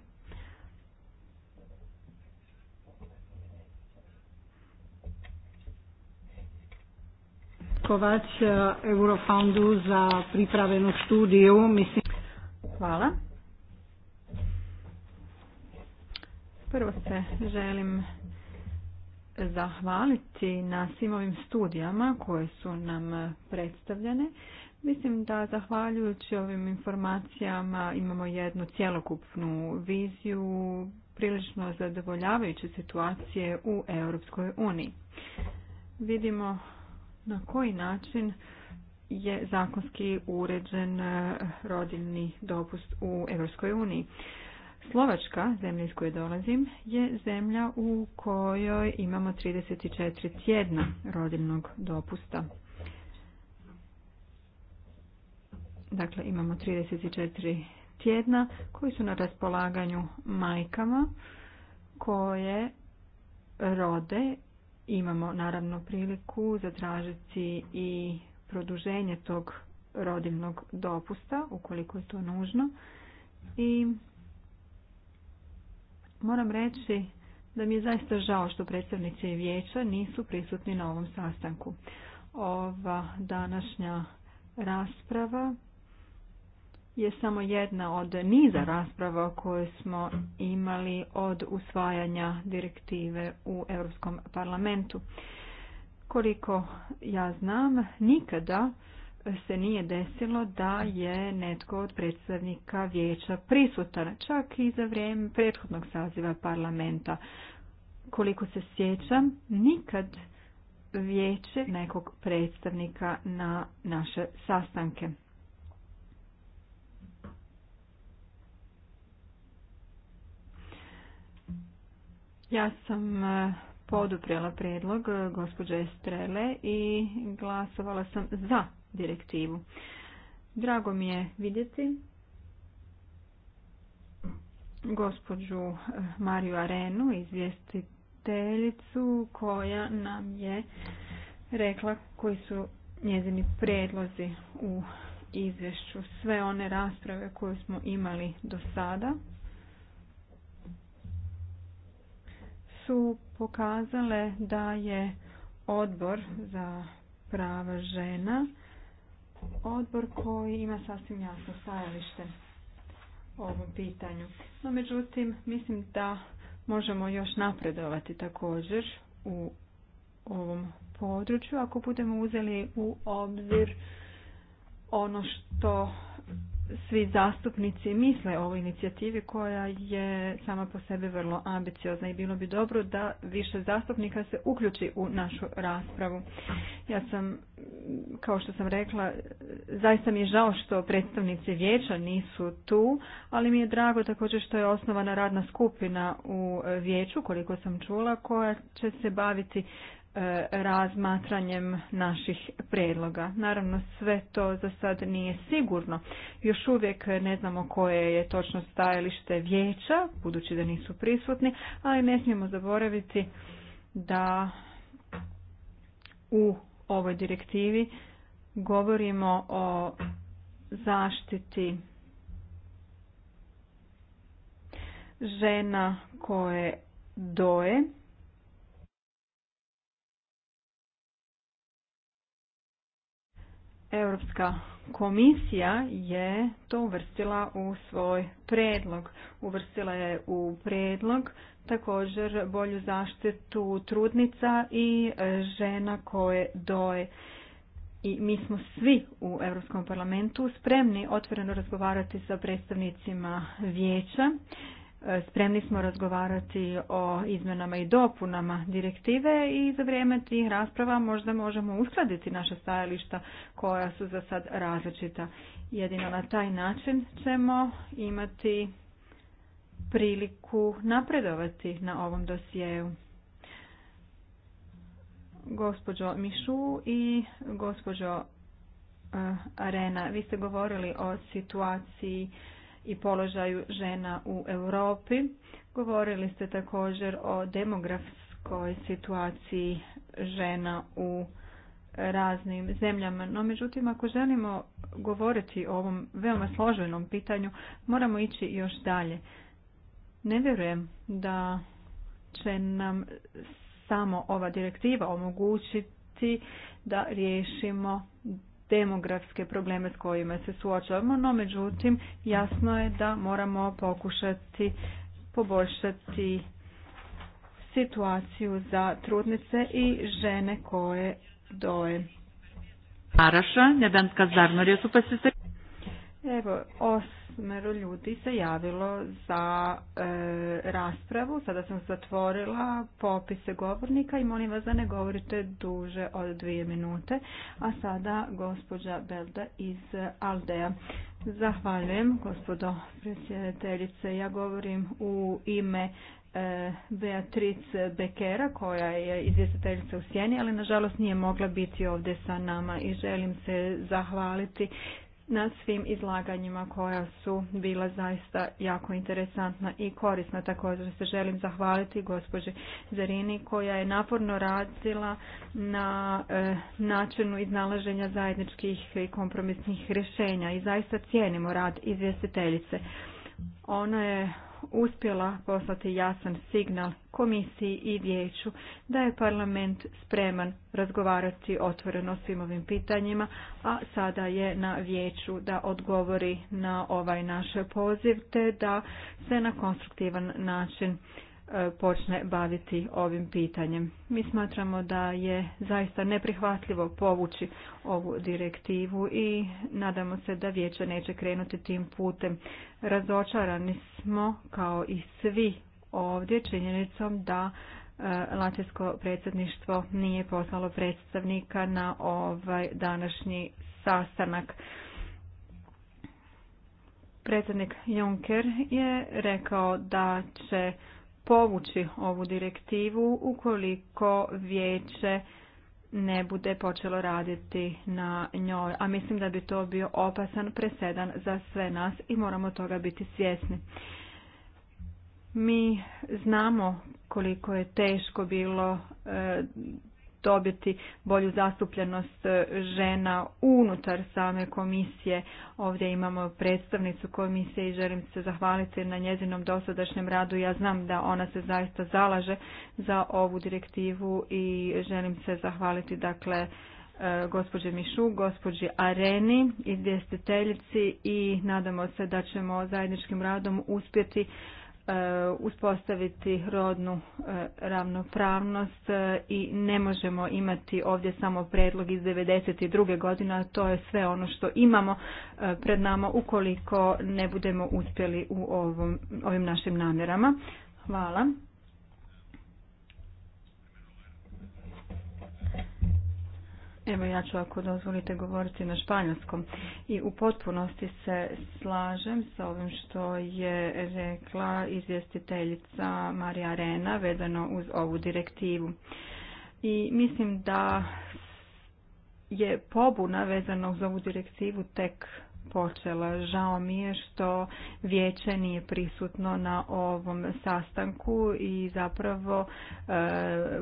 Kovač eurofondu za pripravenu studiju. Hvala. Prvo se želim zahvaliti na svim ovim studijama koje su nam predstavljene. Mislim da zahvaljujući ovim informacijama imamo jednu cjelokupnu viziju prilično zadovoljavajuće situacije u Europskoj uniji. Vidimo na koji način je zakonski uređen rodilni dopust u Europskoj uniji. Slovačka, zemlja iz koje dolazim, je zemlja u kojoj imamo 34 tjedna rodilnog dopusta. Dakle, imamo 34 tjedna koji su na raspolaganju majkama koje rode. Imamo naravno priliku zatražiti i produženje tog rodilnog dopusta ukoliko je to nužno i Moram reći da mi je zaista žao što predstavnici vijeća nisu prisutni na ovom sastanku. Ova današnja rasprava je samo jedna od niza rasprava koje smo imali od usvajanja direktive u Europskom parlamentu. Koliko ja znam, nikada se nije desilo da je netko od predstavnika vijeća prisutan, čak i za vrijeme prethodnog saziva parlamenta. Koliko se sjećam, nikad vijeće nekog predstavnika na naše sastanke. Ja sam e, poduprela predlog e, gospođe Estrele i glasovala sam za direktivu. Drago mi je vidjeti gospođu eh, Mariju Arenu, izvjestiteljicu koja nam je rekla koji su njezini predlozi u izvješću. Sve one rasprave koje smo imali do sada su pokazale da je odbor za prava žena odbor koji ima sasvim jasno stajalište o ovom pitanju. No međutim, mislim da možemo još napredovati također u ovom području ako budemo uzeli u obzir ono što svi zastupnici misle o ovoj inicijativi koja je sama po sebi vrlo ambiciozna i bilo bi dobro da više zastupnika se uključi u našu raspravu. Ja sam, kao što sam rekla, zaista mi je žao što predstavnici vijeća nisu tu, ali mi je drago također što je osnovana radna skupina u vijeću, koliko sam čula, koja će se baviti E, razmatranjem naših predloga. Naravno sve to za sad nije sigurno. Još uvijek ne znamo koje je točno stajalište vijeća, budući da nisu prisutni, ali ne smijemo zaboraviti da u ovoj direktivi govorimo o zaštiti žena koje doje Europska komisija je to uvrstila u svoj predlog. Uvrstila je u predlog također bolju zaštitu trudnica i žena koje doje. I mi smo svi u Europskom parlamentu spremni otvoreno razgovarati sa predstavnicima vijeća Spremni smo razgovarati o izmenama i dopunama direktive i za vrijeme tih rasprava možda možemo uskladiti naše stajališta koja su za sad različita. Jedino na taj način ćemo imati priliku napredovati na ovom dosjeu. Gospođo Mišu i gospođo eh, Arena, vi ste govorili o situaciji i položaju žena u Europi. Govorili ste također o demografskoj situaciji žena u raznim zemljama. No, međutim, ako želimo govoriti o ovom veoma složenom pitanju, moramo ići još dalje. Ne vjerujem da će nam samo ova direktiva omogućiti da riješimo demografske probleme s kojima se suočavamo, no međutim jasno je da moramo pokušati poboljšati situaciju za trudnice i žene koje doje. Araša, su pa se... Evo, os osmero ljudi se javilo za e, raspravu. Sada sam zatvorila popise govornika i molim vas da ne govorite duže od dvije minute. A sada gospođa Belda iz Aldeja. Zahvaljujem gospodo predsjedateljice. Ja govorim u ime e, Beatrice Bekera koja je izvjestiteljica u Sjeni, ali nažalost nije mogla biti ovdje sa nama i želim se zahvaliti na svim izlaganjima koja su bila zaista jako interesantna i korisna. Također se želim zahvaliti gospođi Zerini koja je naporno radila na e, načinu iznalaženja zajedničkih i kompromisnih rješenja i zaista cijenimo rad izvjestiteljice. Ona je uspjela poslati jasan signal komisiji i vijeću da je parlament spreman razgovarati otvoreno svim ovim pitanjima, a sada je na vijeću da odgovori na ovaj naš poziv te da se na konstruktivan način E, počne baviti ovim pitanjem. Mi smatramo da je zaista neprihvatljivo povući ovu direktivu i nadamo se da vijeće neće krenuti tim putem. Razočarani smo kao i svi ovdje činjenicom da e, Latvijsko predsjedništvo nije poslalo predstavnika na ovaj današnji sastanak. Predsjednik Juncker je rekao da će povući ovu direktivu ukoliko vijeće ne bude počelo raditi na njoj, a mislim da bi to bio opasan presedan za sve nas i moramo toga biti svjesni. Mi znamo koliko je teško bilo e, dobiti bolju zastupljenost e, žena unutar same komisije. Ovdje imamo predstavnicu komisije i želim se zahvaliti na njezinom dosadašnjem radu. Ja znam da ona se zaista zalaže za ovu direktivu i želim se zahvaliti dakle e, gospođe Mišu, gospođi Areni, izvjestiteljici i nadamo se da ćemo zajedničkim radom uspjeti E, uspostaviti rodnu e, ravnopravnost e, i ne možemo imati ovdje samo predlog iz 1992. godine, to je sve ono što imamo pred nama ukoliko ne budemo uspjeli u ovim našim namjerama. Hvala. Evo ja ću ako dozvolite govoriti na španjolskom i u potpunosti se slažem sa ovim što je rekla izvjestiteljica Marija Arena vedano uz ovu direktivu. I mislim da je pobuna vezano uz ovu direktivu tek počela. Žao mi je što vijeće nije prisutno na ovom sastanku i zapravo e,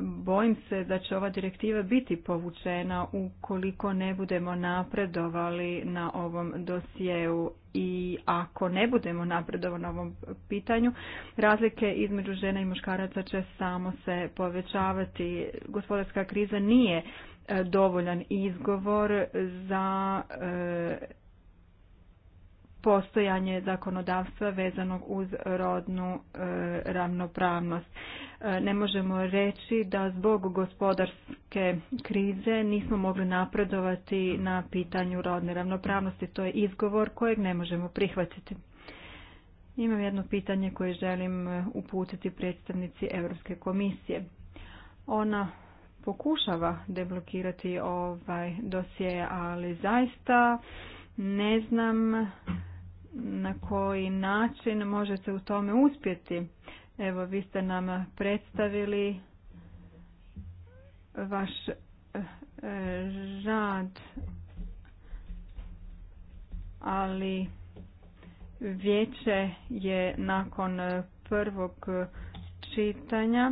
bojim se da će ova direktiva biti povučena ukoliko ne budemo napredovali na ovom dosjeu i ako ne budemo napredovali na ovom pitanju, razlike između žena i muškaraca će samo se povećavati. Gospodarska kriza nije e, dovoljan izgovor za e, postojanje zakonodavstva vezanog uz rodnu e, ravnopravnost. E, ne možemo reći da zbog gospodarske krize nismo mogli napredovati na pitanju rodne ravnopravnosti. To je izgovor kojeg ne možemo prihvatiti. Imam jedno pitanje koje želim uputiti predstavnici Europske komisije. Ona pokušava deblokirati ovaj dosje, ali zaista ne znam na koji način možete u tome uspjeti. Evo, vi ste nam predstavili vaš eh, rad, ali vijeće je nakon prvog čitanja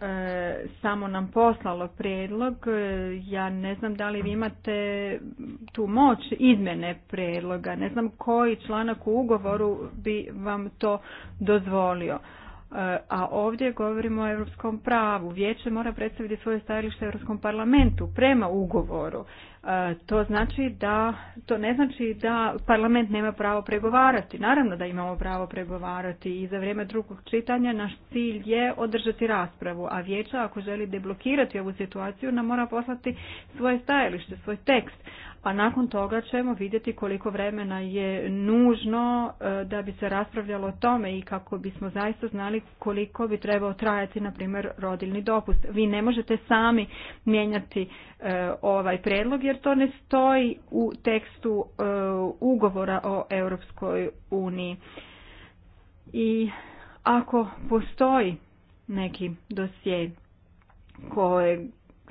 E, samo nam poslalo predlog. E, ja ne znam da li vi imate tu moć izmjene predloga. Ne znam koji članak u ugovoru bi vam to dozvolio. E, a ovdje govorimo o europskom pravu. Vijeće mora predstaviti svoje stajalište Europskom parlamentu prema ugovoru. E, to znači da, to ne znači da parlament nema pravo pregovarati. Naravno da imamo pravo pregovarati i za vrijeme drugog čitanja naš cilj je održati raspravu, a vijeća ako želi deblokirati ovu situaciju nam mora poslati svoje stajalište, svoj tekst a pa nakon toga ćemo vidjeti koliko vremena je nužno e, da bi se raspravljalo o tome i kako bismo zaista znali koliko bi trebao trajati, na primjer, rodilni dopust. Vi ne možete sami mijenjati e, ovaj predlog jer to ne stoji u tekstu e, ugovora o Europskoj uniji. I ako postoji neki dosje koje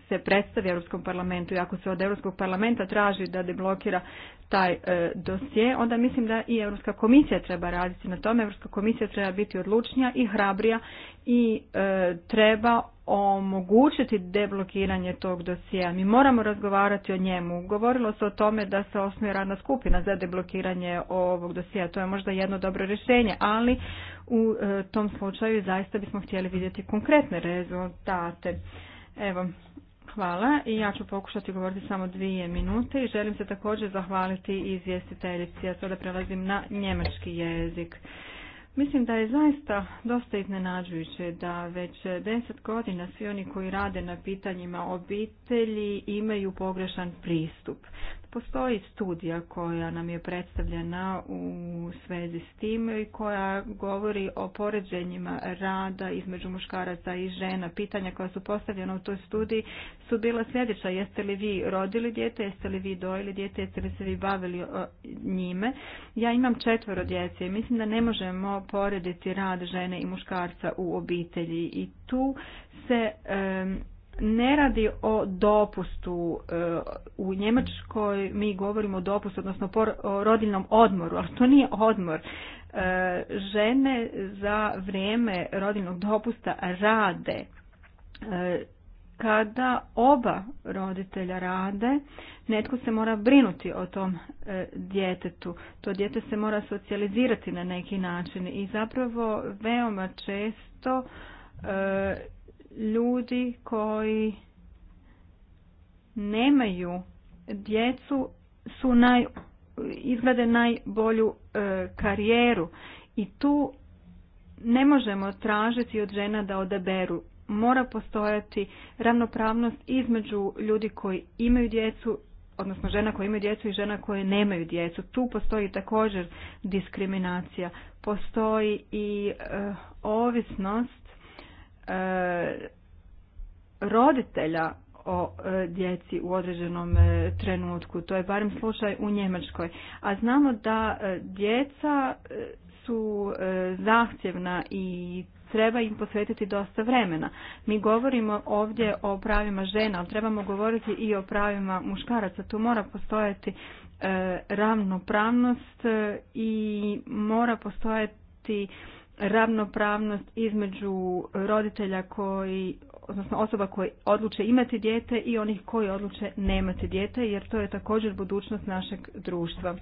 se predstavi Europskom parlamentu i ako se od Europskog parlamenta traži da deblokira taj e, dosje, onda mislim da i Europska komisija treba raditi na tome. Europska komisija treba biti odlučnija i hrabrija i e, treba omogućiti deblokiranje tog dosjea. Mi moramo razgovarati o njemu. Govorilo se o tome da se osnuje radna skupina za deblokiranje ovog dosjea. To je možda jedno dobro rješenje, ali u e, tom slučaju zaista bismo htjeli vidjeti konkretne rezultate. Evo, Hvala i ja ću pokušati govoriti samo dvije minute i želim se također zahvaliti izvjestiteljici, a ja sada prelazim na njemački jezik. Mislim da je zaista dosta iznenađujuće da već deset godina svi oni koji rade na pitanjima obitelji imaju pogrešan pristup. Postoji studija koja nam je predstavljena u svezi s tim i koja govori o poređenjima rada između muškaraca i žena. Pitanja koja su postavljena u toj studiji su bila sljedeća. Jeste li vi rodili dijete, jeste li vi dojeli dijete, jeste li se vi bavili njime? Ja imam četvoro djece i mislim da ne možemo porediti rad žene i muškarca u obitelji i tu se ne radi o dopustu. E, u Njemačkoj mi govorimo o dopustu, odnosno o rodilnom odmoru, ali to nije odmor. E, žene za vrijeme rodilnog dopusta rade. E, kada oba roditelja rade, netko se mora brinuti o tom djetetu. To djete se mora socijalizirati na neki način i zapravo veoma često ljudi koji nemaju djecu su naj, izglede najbolju e, karijeru i tu ne možemo tražiti od žena da odaberu. Mora postojati ravnopravnost između ljudi koji imaju djecu, odnosno žena koji imaju djecu i žena koje nemaju djecu. Tu postoji također diskriminacija. Postoji i e, ovisnost E, roditelja o e, djeci u određenom e, trenutku. To je barem slučaj u Njemačkoj. A znamo da djeca su zahtjevna i treba im posvetiti dosta vremena. Mi govorimo ovdje o pravima žena, ali trebamo govoriti i o pravima muškaraca. Tu mora postojati ravnopravnost i mora postojati ravnopravnost između roditelja koji odnosno osoba koji odluče imati dijete i onih koji odluče nemati dijete jer to je također budućnost našeg društva.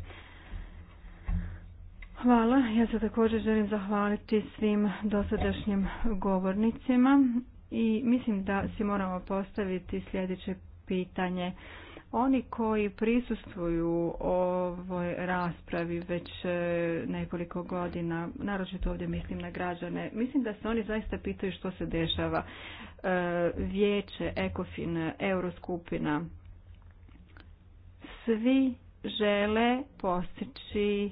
Hvala. Ja se također želim zahvaliti svim dosadašnjim govornicima i mislim da si moramo postaviti sljedeće pitanje. Oni koji prisustvuju ovoj raspravi već e, nekoliko godina, naročito ovdje mislim na građane, mislim da se oni zaista pitaju što se dešava. E, Vijeće, Ekofin, Euroskupina, svi žele postići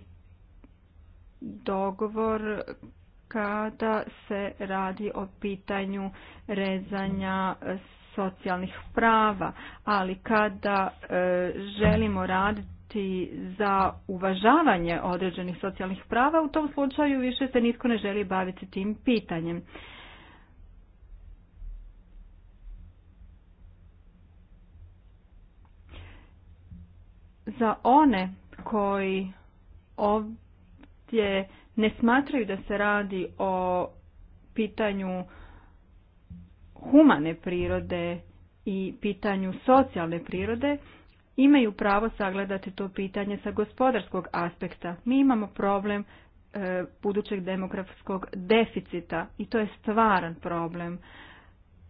dogovor kada se radi o pitanju rezanja socijalnih prava, ali kada e, želimo raditi za uvažavanje određenih socijalnih prava, u tom slučaju više se nitko ne želi baviti tim pitanjem. Za one koji ovdje ne smatraju da se radi o pitanju humane prirode i pitanju socijalne prirode imaju pravo sagledati to pitanje sa gospodarskog aspekta. Mi imamo problem e, budućeg demografskog deficita i to je stvaran problem.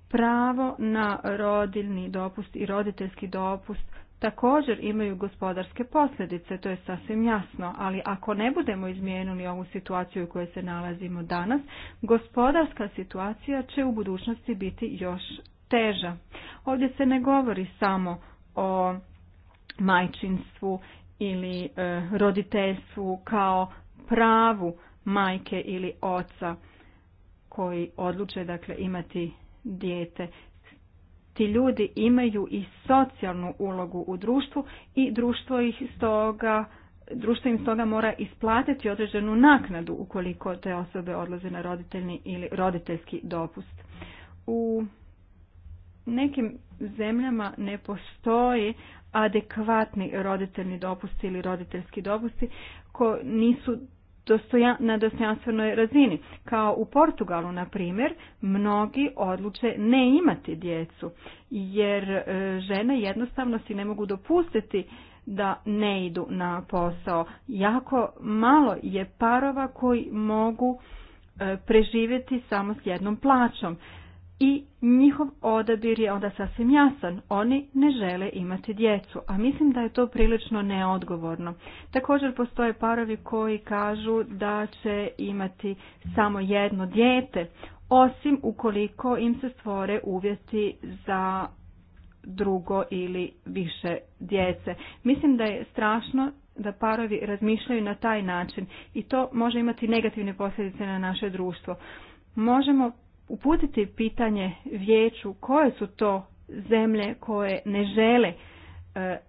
Pravo na rodilni dopust i roditeljski dopust također imaju gospodarske posljedice, to je sasvim jasno, ali ako ne budemo izmijenili ovu situaciju u kojoj se nalazimo danas, gospodarska situacija će u budućnosti biti još teža. Ovdje se ne govori samo o majčinstvu ili e, roditeljstvu kao pravu majke ili oca koji odluče dakle imati dijete ti ljudi imaju i socijalnu ulogu u društvu i društvo ih stoga društvo im stoga mora isplatiti određenu naknadu ukoliko te osobe odlaze na roditeljni ili roditeljski dopust. U nekim zemljama ne postoji adekvatni roditeljni dopust ili roditeljski dopusti koji nisu na dostojanstvenoj razini. Kao u Portugalu, na primjer, mnogi odluče ne imati djecu, jer e, žene jednostavno si ne mogu dopustiti da ne idu na posao. Jako malo je parova koji mogu e, preživjeti samo s jednom plaćom i njihov odabir je onda sasvim jasan. Oni ne žele imati djecu, a mislim da je to prilično neodgovorno. Također postoje parovi koji kažu da će imati samo jedno dijete, osim ukoliko im se stvore uvjeti za drugo ili više djece. Mislim da je strašno da parovi razmišljaju na taj način i to može imati negativne posljedice na naše društvo. Možemo uputiti pitanje vijeću koje su to zemlje koje ne žele e,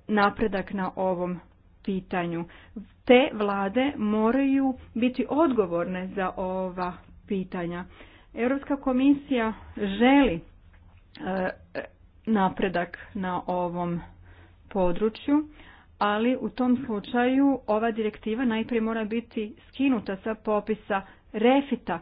napredak na ovom pitanju. Te vlade moraju biti odgovorne za ova pitanja. Europska komisija želi e, napredak na ovom području, ali u tom slučaju ova direktiva najprije mora biti skinuta sa popisa refita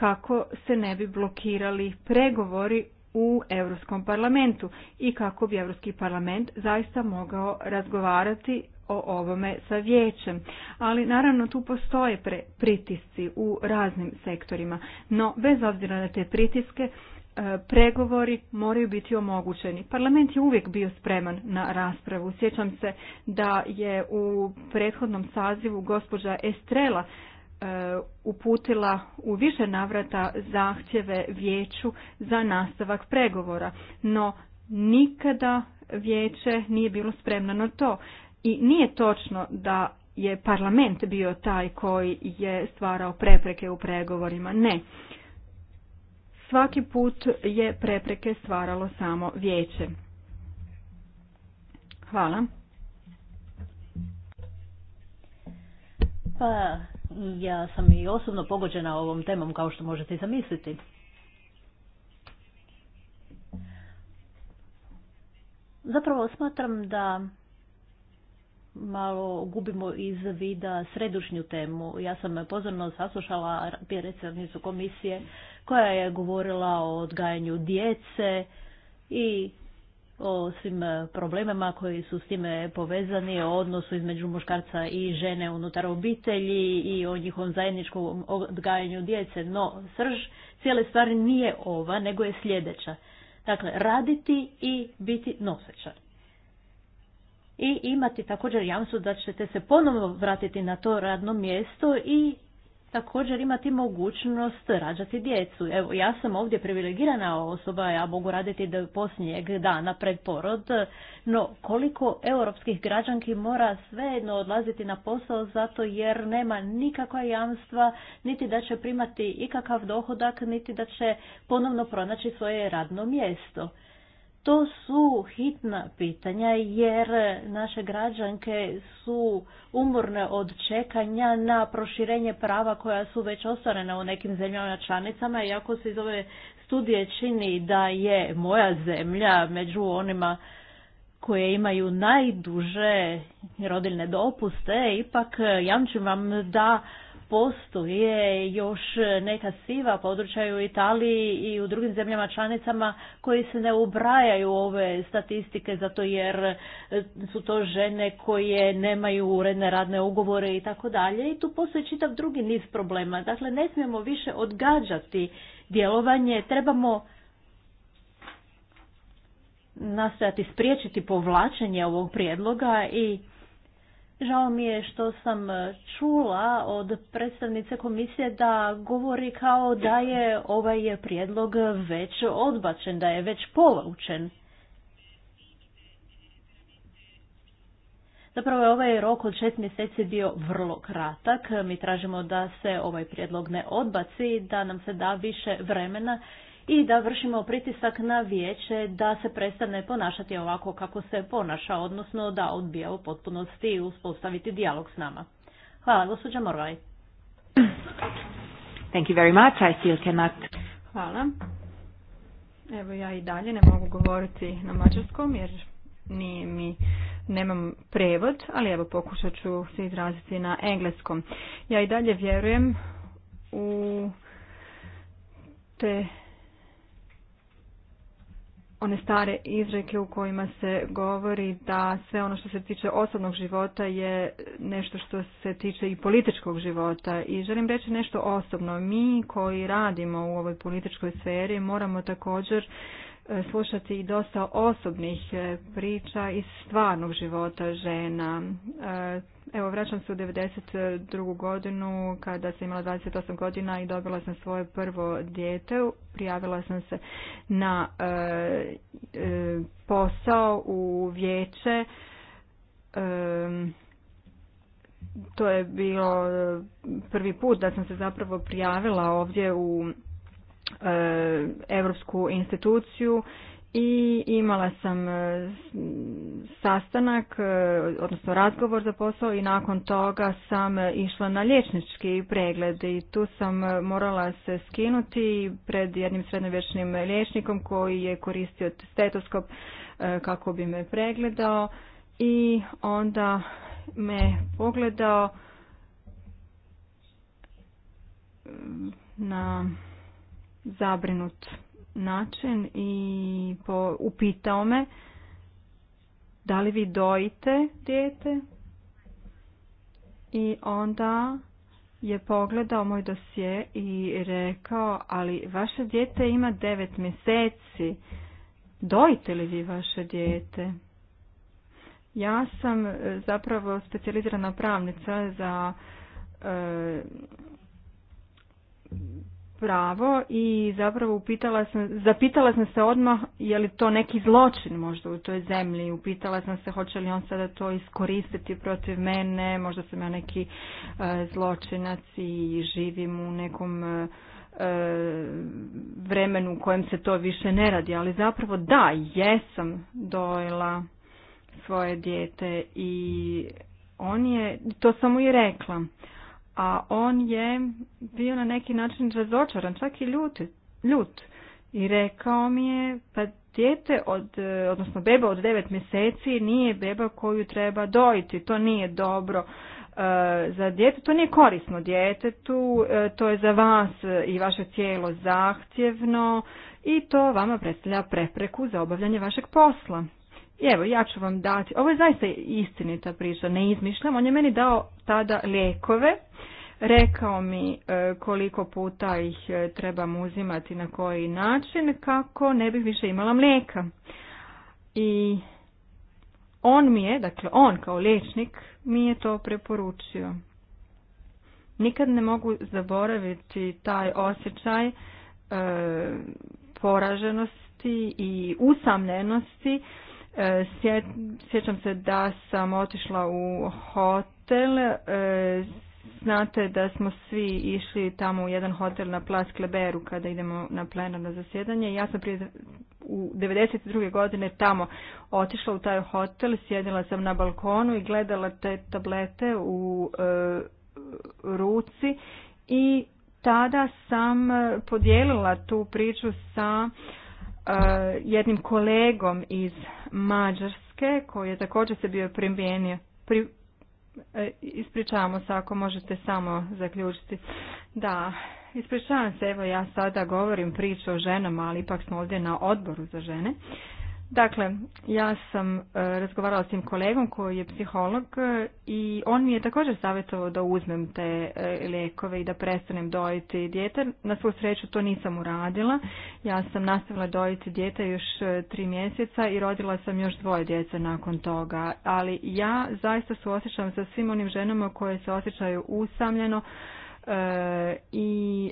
kako se ne bi blokirali pregovori u Europskom parlamentu i kako bi Europski parlament zaista mogao razgovarati o ovome sa vijećem. Ali naravno tu postoje pre pritisci u raznim sektorima, no bez obzira na te pritiske e, pregovori moraju biti omogućeni. Parlament je uvijek bio spreman na raspravu. Sjećam se da je u prethodnom sazivu gospođa Estrela E, uputila u više navrata zahtjeve vijeću za nastavak pregovora, no nikada vijeće nije bilo spremno na to. I nije točno da je parlament bio taj koji je stvarao prepreke u pregovorima. Ne. Svaki put je prepreke stvaralo samo vijeće. Hvala. Pa, ja sam i osobno pogođena ovom temom, kao što možete i zamisliti. Zapravo smatram da malo gubimo iz vida središnju temu. Ja sam pozorno saslušala predstavnicu komisije koja je govorila o odgajanju djece i o svim e, problemima koji su s time povezani, o odnosu između muškarca i žene unutar obitelji i o njihovom zajedničkom odgajanju djece. No, srž cijele stvari nije ova, nego je sljedeća. Dakle, raditi i biti nosečan. I imati također jamstvo da ćete se ponovno vratiti na to radno mjesto i također imati mogućnost rađati djecu. Evo, ja sam ovdje privilegirana osoba, ja mogu raditi do posljednjeg dana pred porod, no koliko europskih građanki mora svejedno odlaziti na posao zato jer nema nikakva jamstva, niti da će primati ikakav dohodak, niti da će ponovno pronaći svoje radno mjesto. To su hitna pitanja jer naše građanke su umorne od čekanja na proširenje prava koja su već ostvarena u nekim zemljama članicama i se iz ove studije čini da je moja zemlja među onima koje imaju najduže rodiljne dopuste, ipak jamčim vam da postoje još neka siva područja u Italiji i u drugim zemljama članicama koji se ne ubrajaju ove statistike zato jer e, su to žene koje nemaju uredne radne ugovore i tako dalje i tu postoji čitav drugi niz problema. Dakle, ne smijemo više odgađati djelovanje, trebamo nastojati spriječiti povlačenje ovog prijedloga i Žao mi je što sam e, čula od predstavnice komisije da govori kao da je ovaj prijedlog već odbačen, da je već povučen. Zapravo je ovaj rok od šest mjeseci bio vrlo kratak. Mi tražimo da se ovaj prijedlog ne odbaci, da nam se da više vremena i da vršimo pritisak na vijeće da se prestane ponašati ovako kako se ponaša, odnosno da odbija u potpunosti uspostaviti dijalog s nama. Hvala, gospođa Morvaj. Thank you very much. I still cannot... Hvala. Evo ja i dalje ne mogu govoriti na mađarskom jer nije mi, nemam prevod, ali evo pokušat ću se izraziti na engleskom. Ja i dalje vjerujem u te one stare izreke u kojima se govori da sve ono što se tiče osobnog života je nešto što se tiče i političkog života. I želim reći nešto osobno. Mi koji radimo u ovoj političkoj sferi moramo također e, slušati i dosta osobnih e, priča iz stvarnog života žena. E, Evo, vraćam se u 92. godinu kada sam imala 28 godina i dobila sam svoje prvo dijete. Prijavila sam se na e, e, posao u vijeće. E, to je bilo prvi put da sam se zapravo prijavila ovdje u europsku instituciju i imala sam e, sastanak, e, odnosno razgovor za posao i nakon toga sam e, išla na liječnički pregled i tu sam morala se skinuti pred jednim srednjovječnim liječnikom koji je koristio stetoskop kako bi me pregledao i onda me pogledao na zabrinut način i po, upitao me da li vi dojite dijete i onda je pogledao moj dosje i rekao, ali vaše dijete ima devet mjeseci, dojite li vi vaše dijete? Ja sam e, zapravo specijalizirana pravnica za e, pravo i zapravo upitala sam, zapitala sam se odmah je li to neki zločin možda u toj zemlji. Upitala sam se hoće li on sada to iskoristiti protiv mene, možda sam ja neki e, zločinac i živim u nekom e, e, vremenu u kojem se to više ne radi, ali zapravo da, jesam dojela svoje dijete i on je to samo i rekla a on je bio na neki način razočaran, čak i ljut, ljut. I rekao mi je, pa dijete, od, odnosno beba od devet mjeseci nije beba koju treba dojiti, to nije dobro e, za dijete, to nije korisno djetetu, e, to je za vas i vaše tijelo zahtjevno i to vama predstavlja prepreku za obavljanje vašeg posla evo, ja ću vam dati, ovo je zaista istinita priča, ne izmišljam, on je meni dao tada lijekove, rekao mi e, koliko puta ih e, trebam uzimati, na koji način, kako ne bih više imala mlijeka. I on mi je, dakle on kao liječnik, mi je to preporučio. Nikad ne mogu zaboraviti taj osjećaj e, poraženosti i usamljenosti E, sjećam se da sam otišla u hotel. E, znate da smo svi išli tamo u jedan hotel na Plas Kleberu kada idemo na plenarno zasjedanje. Ja sam prije u 92. godine tamo otišla u taj hotel, sjedila sam na balkonu i gledala te tablete u e, ruci i tada sam podijelila tu priču sa E, jednim kolegom iz Mađarske koji je također se bio primijenio. Pri, e, ispričavamo se ako možete samo zaključiti. Da, ispričavam se, evo ja sada govorim priču o ženama, ali ipak smo ovdje na odboru za žene. Dakle, ja sam e, razgovarala s tim kolegom koji je psiholog e, i on mi je također savjetovao da uzmem te e, lijekove i da prestanem dojiti dijete. Na svu sreću to nisam uradila. Ja sam nastavila dojiti dijete još tri mjeseca i rodila sam još dvoje djece nakon toga. Ali ja zaista se osjećam sa svim onim ženama koje se osjećaju usamljeno i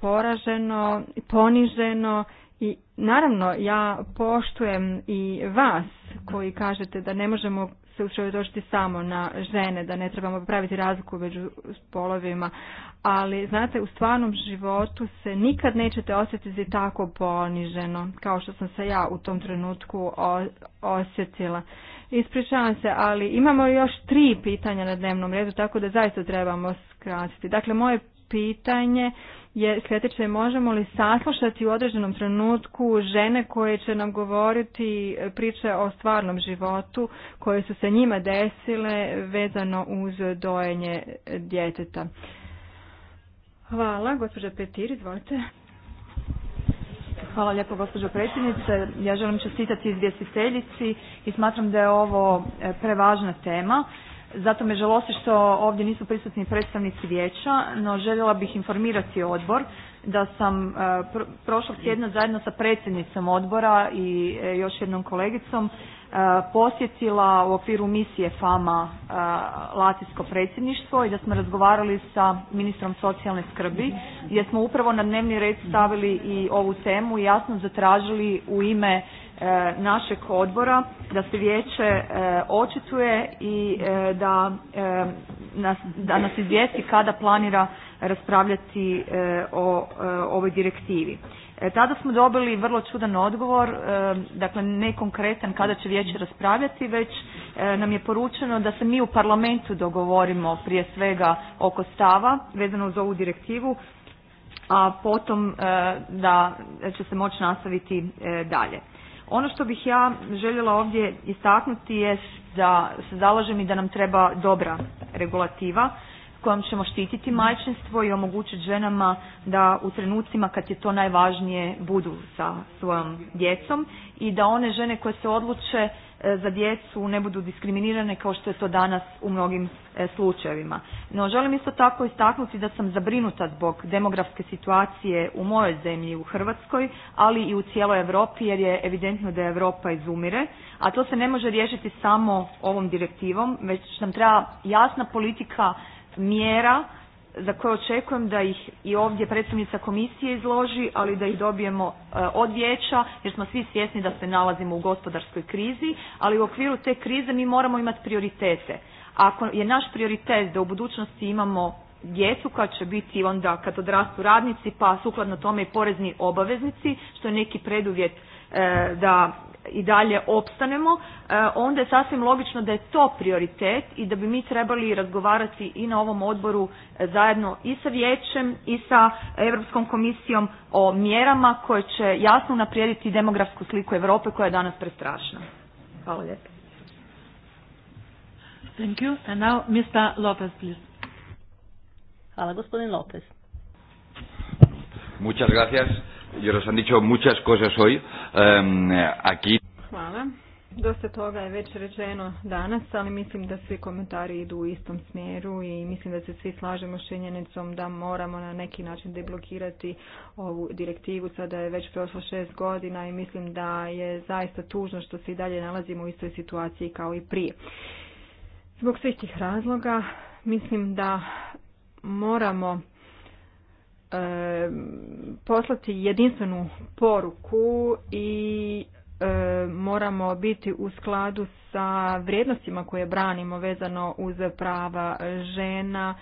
poraženo, poniženo i naravno ja poštujem i vas koji kažete da ne možemo se usredotočiti samo na žene, da ne trebamo praviti razliku među spolovima, ali znate u stvarnom životu se nikad nećete osjetiti tako poniženo kao što sam se ja u tom trenutku osjetila. Ispričavam se, ali imamo još tri pitanja na dnevnom redu, tako da zaista trebamo skratiti. Dakle, moje pitanje je sljedeće, možemo li saslušati u određenom trenutku žene koje će nam govoriti priče o stvarnom životu koje su se njima desile vezano uz dojenje djeteta. Hvala, gospođa Petir, izvolite. Hvala lijepo gospođo predsjednice. Ja želim čestitati izvjestiteljici i smatram da je ovo e, prevažna tema zato me žalosti što ovdje nisu prisutni predstavnici vijeća, no željela bih informirati odbor da sam e, prošlog tjedna zajedno sa predsjednicom odbora i e, još jednom kolegicom e, posjetila u okviru misije FAMA Latinsko predsjedništvo i da smo razgovarali sa ministrom socijalne skrbi gdje smo upravo na dnevni red stavili i ovu temu i jasno zatražili u ime E, našeg odbora da se vijeće e, očituje i e, da nas, da nas izvijesti kada planira raspravljati o ovoj direktivi. Tada smo dobili vrlo čudan odgovor, dakle ne konkretan kada će vijeće raspravljati, već nam je poručeno da se mi u parlamentu dogovorimo prije svega oko stava vezano uz ovu direktivu, a potom da će se moći nastaviti dalje. Ono što bih ja željela ovdje istaknuti jest da se zalažem i da nam treba dobra regulativa kojom ćemo štititi majčinstvo i omogućiti ženama da u trenucima kad je to najvažnije budu sa svojom djecom i da one žene koje se odluče E, za djecu ne budu diskriminirane kao što je to danas u mnogim e, slučajevima. No želim isto tako istaknuti da sam zabrinuta zbog demografske situacije u mojoj zemlji u Hrvatskoj, ali i u cijeloj Europi jer je evidentno da Europa izumire, a to se ne može riješiti samo ovom direktivom već nam treba jasna politika mjera za koje očekujem da ih i ovdje predstavnica komisije izloži, ali da ih dobijemo e, od vijeća jer smo svi svjesni da se nalazimo u gospodarskoj krizi, ali u okviru te krize mi moramo imati prioritete. Ako je naš prioritet da u budućnosti imamo djecu koja će biti onda kad odrastu radnici pa sukladno tome i porezni obaveznici što je neki preduvjet E, da i dalje opstanemo, e, onda je sasvim logično da je to prioritet i da bi mi trebali razgovarati i na ovom odboru e, zajedno i sa vijećem i sa Europskom komisijom o mjerama koje će jasno naprijediti demografsku sliku Europe koja je danas prestrašna. Hvala lijepo. Thank you. And now Mr. Lopez, please. Hvala, gospodin Lopez. Muchas gracias jer muchas Hvala. Dosta toga je već rečeno danas, ali mislim da svi komentari idu u istom smjeru i mislim da se svi slažemo s činjenicom da moramo na neki način deblokirati ovu direktivu. Sada je već prošlo šest godina i mislim da je zaista tužno što se i dalje nalazimo u istoj situaciji kao i prije. Zbog svih tih razloga mislim da moramo poslati jedinstvenu poruku i moramo biti u skladu sa vrijednostima koje branimo vezano uz prava žena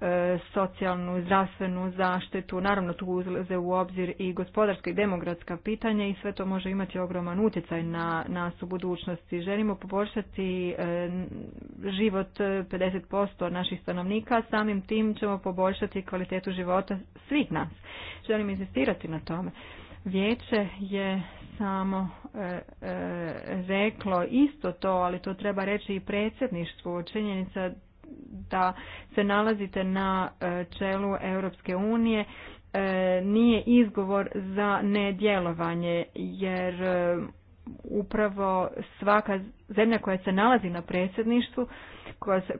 E, socijalnu, zdravstvenu zaštitu. Naravno tu uzlaze u obzir i gospodarska i demokratska pitanja i sve to može imati ogroman utjecaj na nas u budućnosti. Želimo poboljšati e, život 50% naših stanovnika, samim tim ćemo poboljšati kvalitetu života svih nas. Želim insistirati na tome. Vijeće je samo e, reklo isto to, ali to treba reći i predsjedništvu. Činjenica da se nalazite na e, čelu Europske unije e, nije izgovor za nedjelovanje jer e, upravo svaka zemlja koja se nalazi na predsjedništvu,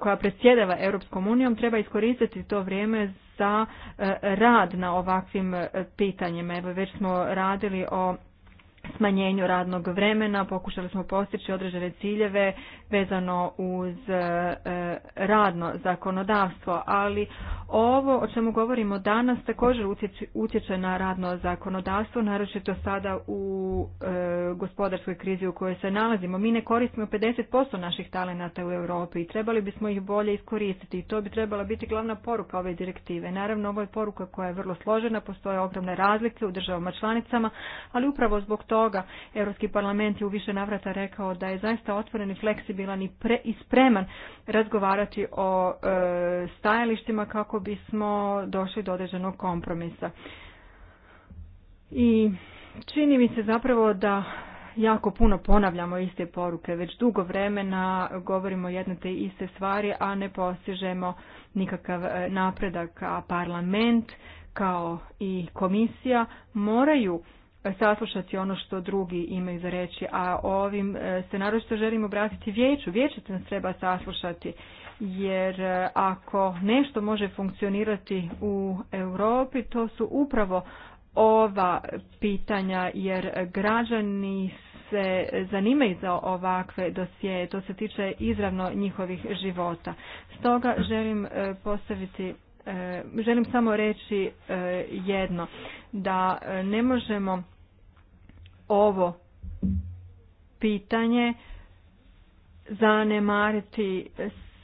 koja, predsjedava Europskom unijom, treba iskoristiti to vrijeme za rad na ovakvim pitanjima. Evo, već smo radili o smanjenju radnog vremena, pokušali smo postići određene ciljeve vezano uz e, radno zakonodavstvo, ali ovo o čemu govorimo danas također utječe na radno zakonodavstvo, naročito sada u e, gospodarskoj krizi u kojoj se nalazimo. Mi ne koristimo 50% naših talenata u Europi i trebali bismo ih bolje iskoristiti i to bi trebala biti glavna poruka ove direktive. Naravno, ovo je poruka koja je vrlo složena, postoje ogromne razlike u državama članicama, ali upravo zbog toga toga Europski parlament je u više navrata rekao da je zaista otvoren i fleksibilan i, spreman razgovarati o e, stajalištima kako bismo došli do određenog kompromisa. I čini mi se zapravo da jako puno ponavljamo iste poruke, već dugo vremena govorimo jedne te iste stvari, a ne postižemo nikakav e, napredak, a parlament kao i komisija moraju E, saslušati ono što drugi imaju za reći, a ovim e, se naročito želim obratiti vijeću. Vijeće nas treba saslušati, jer e, ako nešto može funkcionirati u Europi, to su upravo ova pitanja, jer građani se zanimaju za ovakve dosije, to se tiče izravno njihovih života. Stoga želim postaviti želim samo reći jedno da ne možemo ovo pitanje zanemariti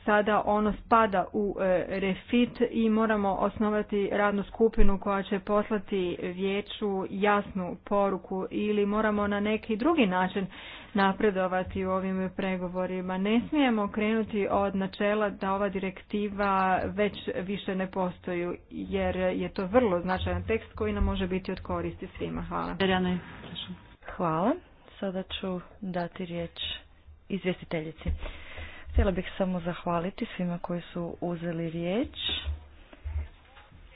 sada ono spada u e, refit i moramo osnovati radnu skupinu koja će poslati vijeću jasnu poruku ili moramo na neki drugi način napredovati u ovim pregovorima. Ne smijemo krenuti od načela da ova direktiva već više ne postoji jer je to vrlo značajan tekst koji nam može biti od koristi svima. Hvala. Hvala. Sada ću dati riječ izvjestiteljici. Htjela bih samo zahvaliti svima koji su uzeli riječ,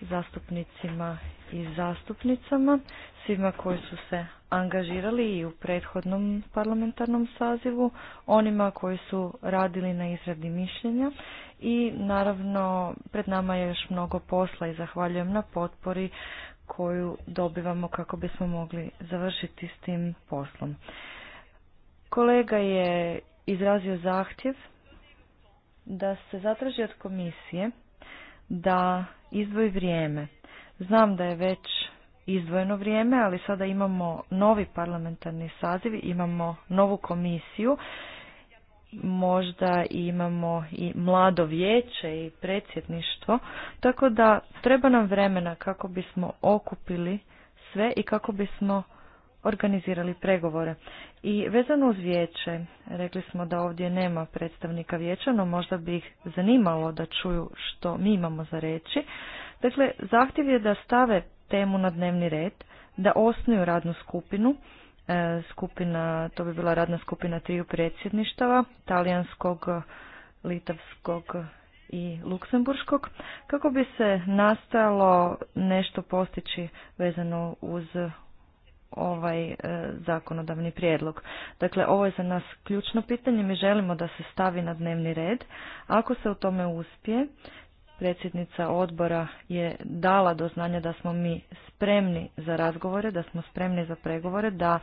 zastupnicima i zastupnicama, svima koji su se angažirali i u prethodnom parlamentarnom sazivu, onima koji su radili na izradi mišljenja i naravno pred nama je još mnogo posla i zahvaljujem na potpori koju dobivamo kako bismo mogli završiti s tim poslom. Kolega je izrazio zahtjev da se zatraži od komisije da izdvoji vrijeme. Znam da je već izdvojeno vrijeme, ali sada imamo novi parlamentarni saziv, imamo novu komisiju možda imamo i mlado vijeće i predsjedništvo, tako da treba nam vremena kako bismo okupili sve i kako bismo organizirali pregovore. I vezano uz vijeće, rekli smo da ovdje nema predstavnika vijeća, no možda bi ih zanimalo da čuju što mi imamo za reći. Dakle, zahtjev je da stave temu na dnevni red, da osnuju radnu skupinu E, skupina, to bi bila radna skupina triju predsjedništava, talijanskog, litavskog i luksemburškog, kako bi se nastojalo nešto postići vezano uz ovaj e, zakonodavni prijedlog. Dakle, ovo je za nas ključno pitanje, mi želimo da se stavi na dnevni red. Ako se u tome uspije, predsjednica odbora je dala do znanja da smo mi spremni za razgovore, da smo spremni za pregovore, da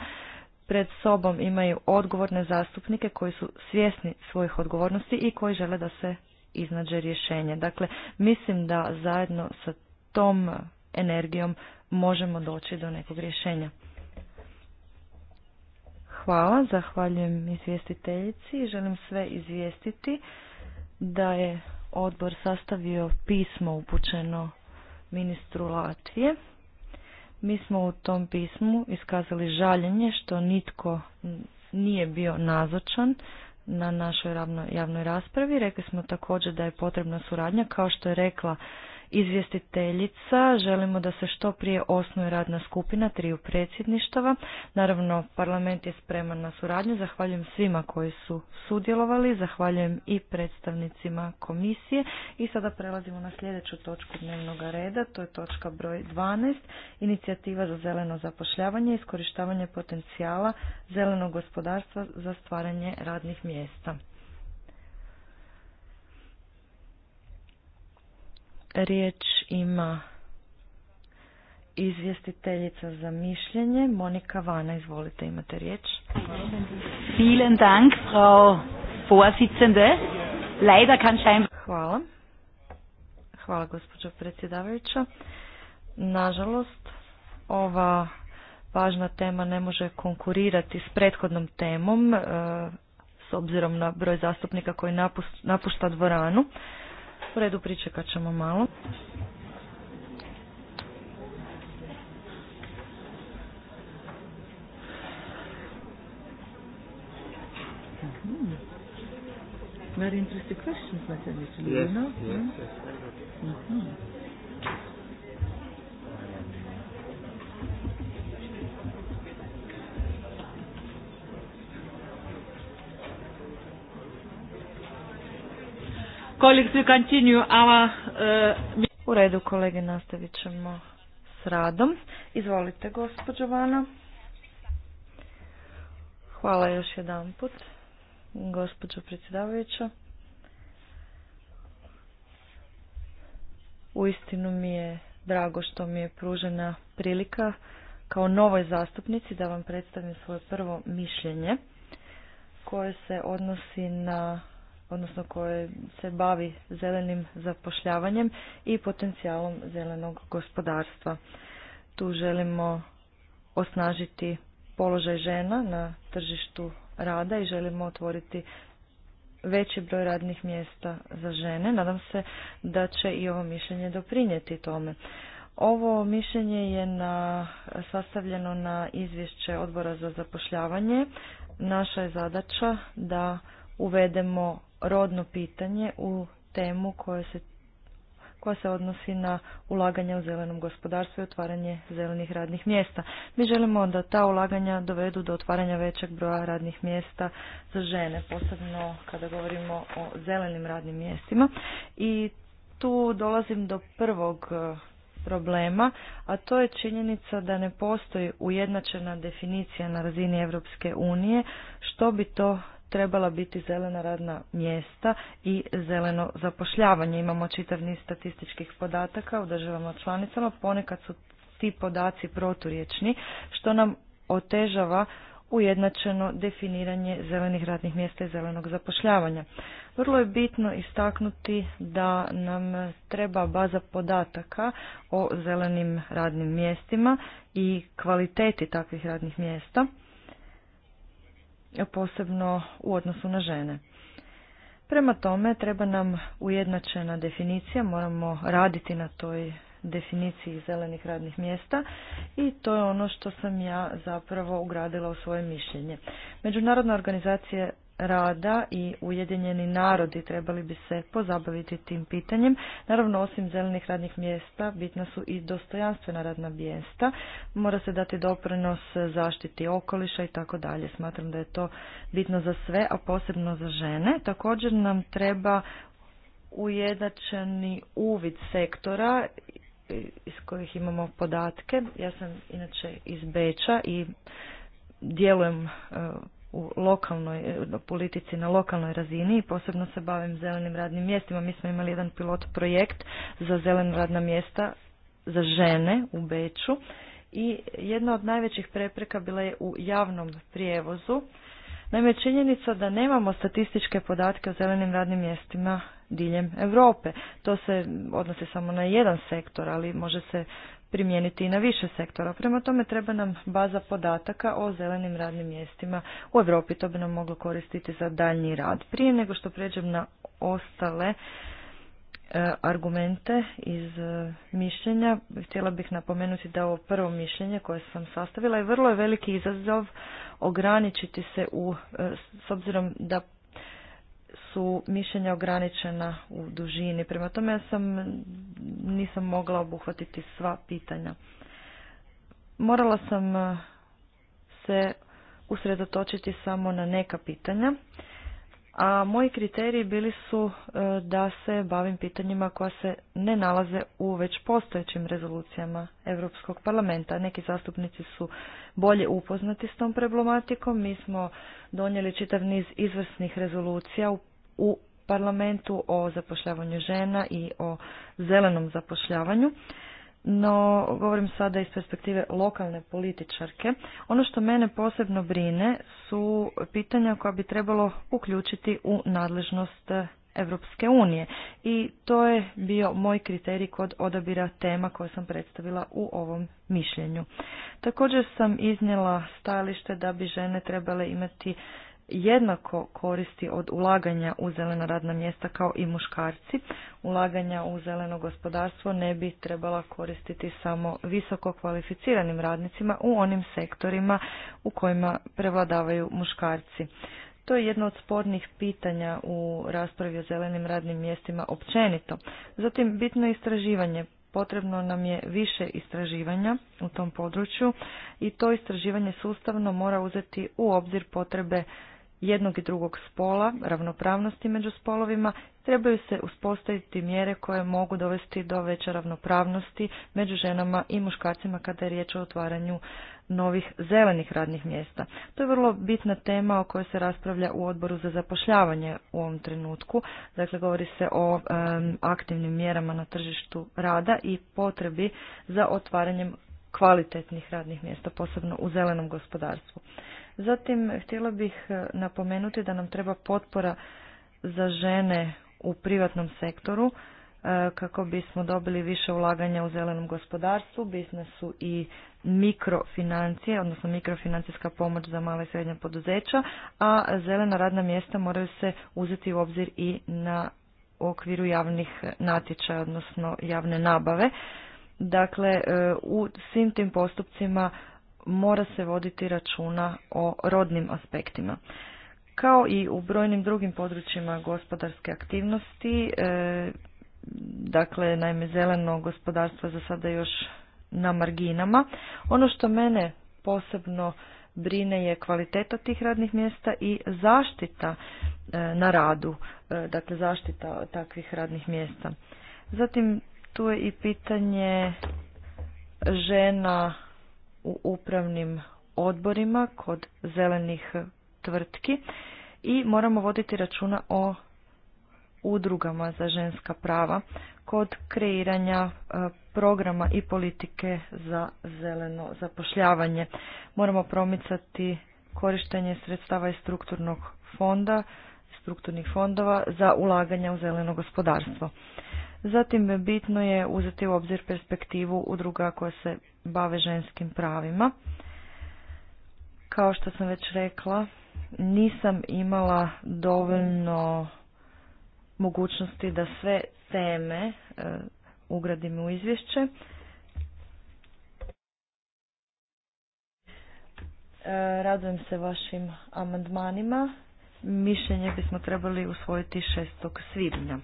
pred sobom imaju odgovorne zastupnike koji su svjesni svojih odgovornosti i koji žele da se iznađe rješenje. Dakle, mislim da zajedno sa tom energijom možemo doći do nekog rješenja. Hvala, zahvaljujem izvjestiteljici i želim sve izvijestiti da je odbor sastavio pismo upućeno ministru Latvije. Mi smo u tom pismu iskazali žaljenje što nitko nije bio nazočan na našoj javnoj raspravi. Rekli smo također da je potrebna suradnja, kao što je rekla izvjestiteljica. Želimo da se što prije osnuje radna skupina triju predsjedništava. Naravno, parlament je spreman na suradnju. Zahvaljujem svima koji su sudjelovali, zahvaljujem i predstavnicima komisije. I sada prelazimo na sljedeću točku dnevnog reda, to je točka broj 12, inicijativa za zeleno zapošljavanje i iskorištavanje potencijala zelenog gospodarstva za stvaranje radnih mjesta. Riječ ima izvjestiteljica za mišljenje. Monika Vana, izvolite, imate riječ. Vielen Hvala. Hvala, gospođo predsjedavajuća. Nažalost, ova važna tema ne može konkurirati s prethodnom temom, eh, s obzirom na broj zastupnika koji napušta dvoranu. U redu pričekat ćemo malo. Very interesting questions, my friend. Yes, you know? yes, yes. Mm -hmm. colleagues, we continue our... Uh, U redu, kolege, nastavit ćemo s radom. Izvolite, gospođo Vana. Hvala još jedan put, gospođo predsjedavajuća. Uistinu mi je drago što mi je pružena prilika kao novoj zastupnici da vam predstavim svoje prvo mišljenje koje se odnosi na odnosno koje se bavi zelenim zapošljavanjem i potencijalom zelenog gospodarstva. Tu želimo osnažiti položaj žena na tržištu rada i želimo otvoriti veći broj radnih mjesta za žene. Nadam se da će i ovo mišljenje doprinijeti tome. Ovo mišljenje je na, sastavljeno na izvješće odbora za zapošljavanje. Naša je zadaća da uvedemo rodno pitanje u temu koja se, koja se odnosi na ulaganje u zelenom gospodarstvu i otvaranje zelenih radnih mjesta. Mi želimo da ta ulaganja dovedu do otvaranja većeg broja radnih mjesta za žene, posebno kada govorimo o zelenim radnim mjestima. I tu dolazim do prvog e, problema, a to je činjenica da ne postoji ujednačena definicija na razini Europske unije što bi to trebala biti zelena radna mjesta i zeleno zapošljavanje. Imamo čitav niz statističkih podataka u državama članicama, ponekad su ti podaci proturječni, što nam otežava ujednačeno definiranje zelenih radnih mjesta i zelenog zapošljavanja. Vrlo je bitno istaknuti da nam treba baza podataka o zelenim radnim mjestima i kvaliteti takvih radnih mjesta posebno u odnosu na žene. Prema tome treba nam ujednačena definicija, moramo raditi na toj definiciji zelenih radnih mjesta i to je ono što sam ja zapravo ugradila u svoje mišljenje. Međunarodna organizacija rada i Ujedinjeni narodi trebali bi se pozabaviti tim pitanjem. Naravno, osim zelenih radnih mjesta, bitna su i dostojanstvena radna mjesta. Mora se dati doprinos zaštiti okoliša i tako dalje. Smatram da je to bitno za sve, a posebno za žene. Također nam treba ujednačeni uvid sektora iz kojih imamo podatke. Ja sam inače iz Beča i djelujem e, u lokalnoj e, politici na lokalnoj razini i posebno se bavim zelenim radnim mjestima. Mi smo imali jedan pilot projekt za zelena radna mjesta za žene u Beču i jedna od najvećih prepreka bila je u javnom prijevozu. Naime, činjenica da nemamo statističke podatke o zelenim radnim mjestima diljem Europe. To se odnosi samo na jedan sektor, ali može se primijeniti i na više sektora. Prema tome treba nam baza podataka o zelenim radnim mjestima u Europi. To bi nam moglo koristiti za daljnji rad. Prije nego što pređem na ostale e, argumente iz e, mišljenja. Htjela bih napomenuti da ovo prvo mišljenje koje sam sastavila je vrlo veliki izazov ograničiti se u, e, s obzirom da su mišljenja ograničena u dužini. Prema tome ja sam nisam mogla obuhvatiti sva pitanja. Morala sam eh, se usredotočiti samo na neka pitanja a moji kriteriji bili su e, da se bavim pitanjima koja se ne nalaze u već postojećim rezolucijama Europskog parlamenta. Neki zastupnici su bolje upoznati s tom problematikom. Mi smo donijeli čitav niz izvrsnih rezolucija u parlamentu o zapošljavanju žena i o zelenom zapošljavanju no govorim sada iz perspektive lokalne političarke. Ono što mene posebno brine su pitanja koja bi trebalo uključiti u nadležnost eh, Evropske unije i to je bio moj kriterij kod odabira tema koje sam predstavila u ovom mišljenju. Također sam iznijela stajalište da bi žene trebale imati jednako koristi od ulaganja u zelena radna mjesta kao i muškarci. Ulaganja u zeleno gospodarstvo ne bi trebala koristiti samo visoko kvalificiranim radnicima u onim sektorima u kojima prevladavaju muškarci. To je jedno od spornih pitanja u raspravi o zelenim radnim mjestima općenito. Zatim bitno istraživanje. Potrebno nam je više istraživanja u tom području i to istraživanje sustavno mora uzeti u obzir potrebe jednog i drugog spola, ravnopravnosti među spolovima, trebaju se uspostaviti mjere koje mogu dovesti do veće ravnopravnosti među ženama i muškarcima kada je riječ o otvaranju novih zelenih radnih mjesta. To je vrlo bitna tema o kojoj se raspravlja u odboru za zapošljavanje u ovom trenutku. Dakle, govori se o aktivnim mjerama na tržištu rada i potrebi za otvaranjem kvalitetnih radnih mjesta, posebno u zelenom gospodarstvu. Zatim, htjela bih e, napomenuti da nam treba potpora za žene u privatnom sektoru e, kako bismo dobili više ulaganja u zelenom gospodarstvu, biznesu i mikrofinancije, odnosno mikrofinancijska pomoć za male i srednje poduzeća, a zelena radna mjesta moraju se uzeti u obzir i na okviru javnih natječaja, odnosno javne nabave. Dakle, e, u svim tim postupcima mora se voditi računa o rodnim aspektima. Kao i u brojnim drugim područjima gospodarske aktivnosti, e, dakle, naime, zeleno gospodarstvo za sada još na marginama. Ono što mene posebno brine je kvaliteta tih radnih mjesta i zaštita e, na radu, e, dakle zaštita takvih radnih mjesta. Zatim tu je i pitanje žena u upravnim odborima kod zelenih tvrtki i moramo voditi računa o udrugama za ženska prava kod kreiranja e, programa i politike za zeleno zapošljavanje. Moramo promicati korištenje sredstava iz strukturnog fonda, strukturnih fondova za ulaganja u zeleno gospodarstvo. Zatim bitno je uzeti u obzir perspektivu udruga koja se bave ženskim pravima. Kao što sam već rekla, nisam imala dovoljno mogućnosti da sve teme e, ugradim u izvješće. E, radujem se vašim amandmanima. Mišljenje bismo trebali usvojiti 6. svibnja.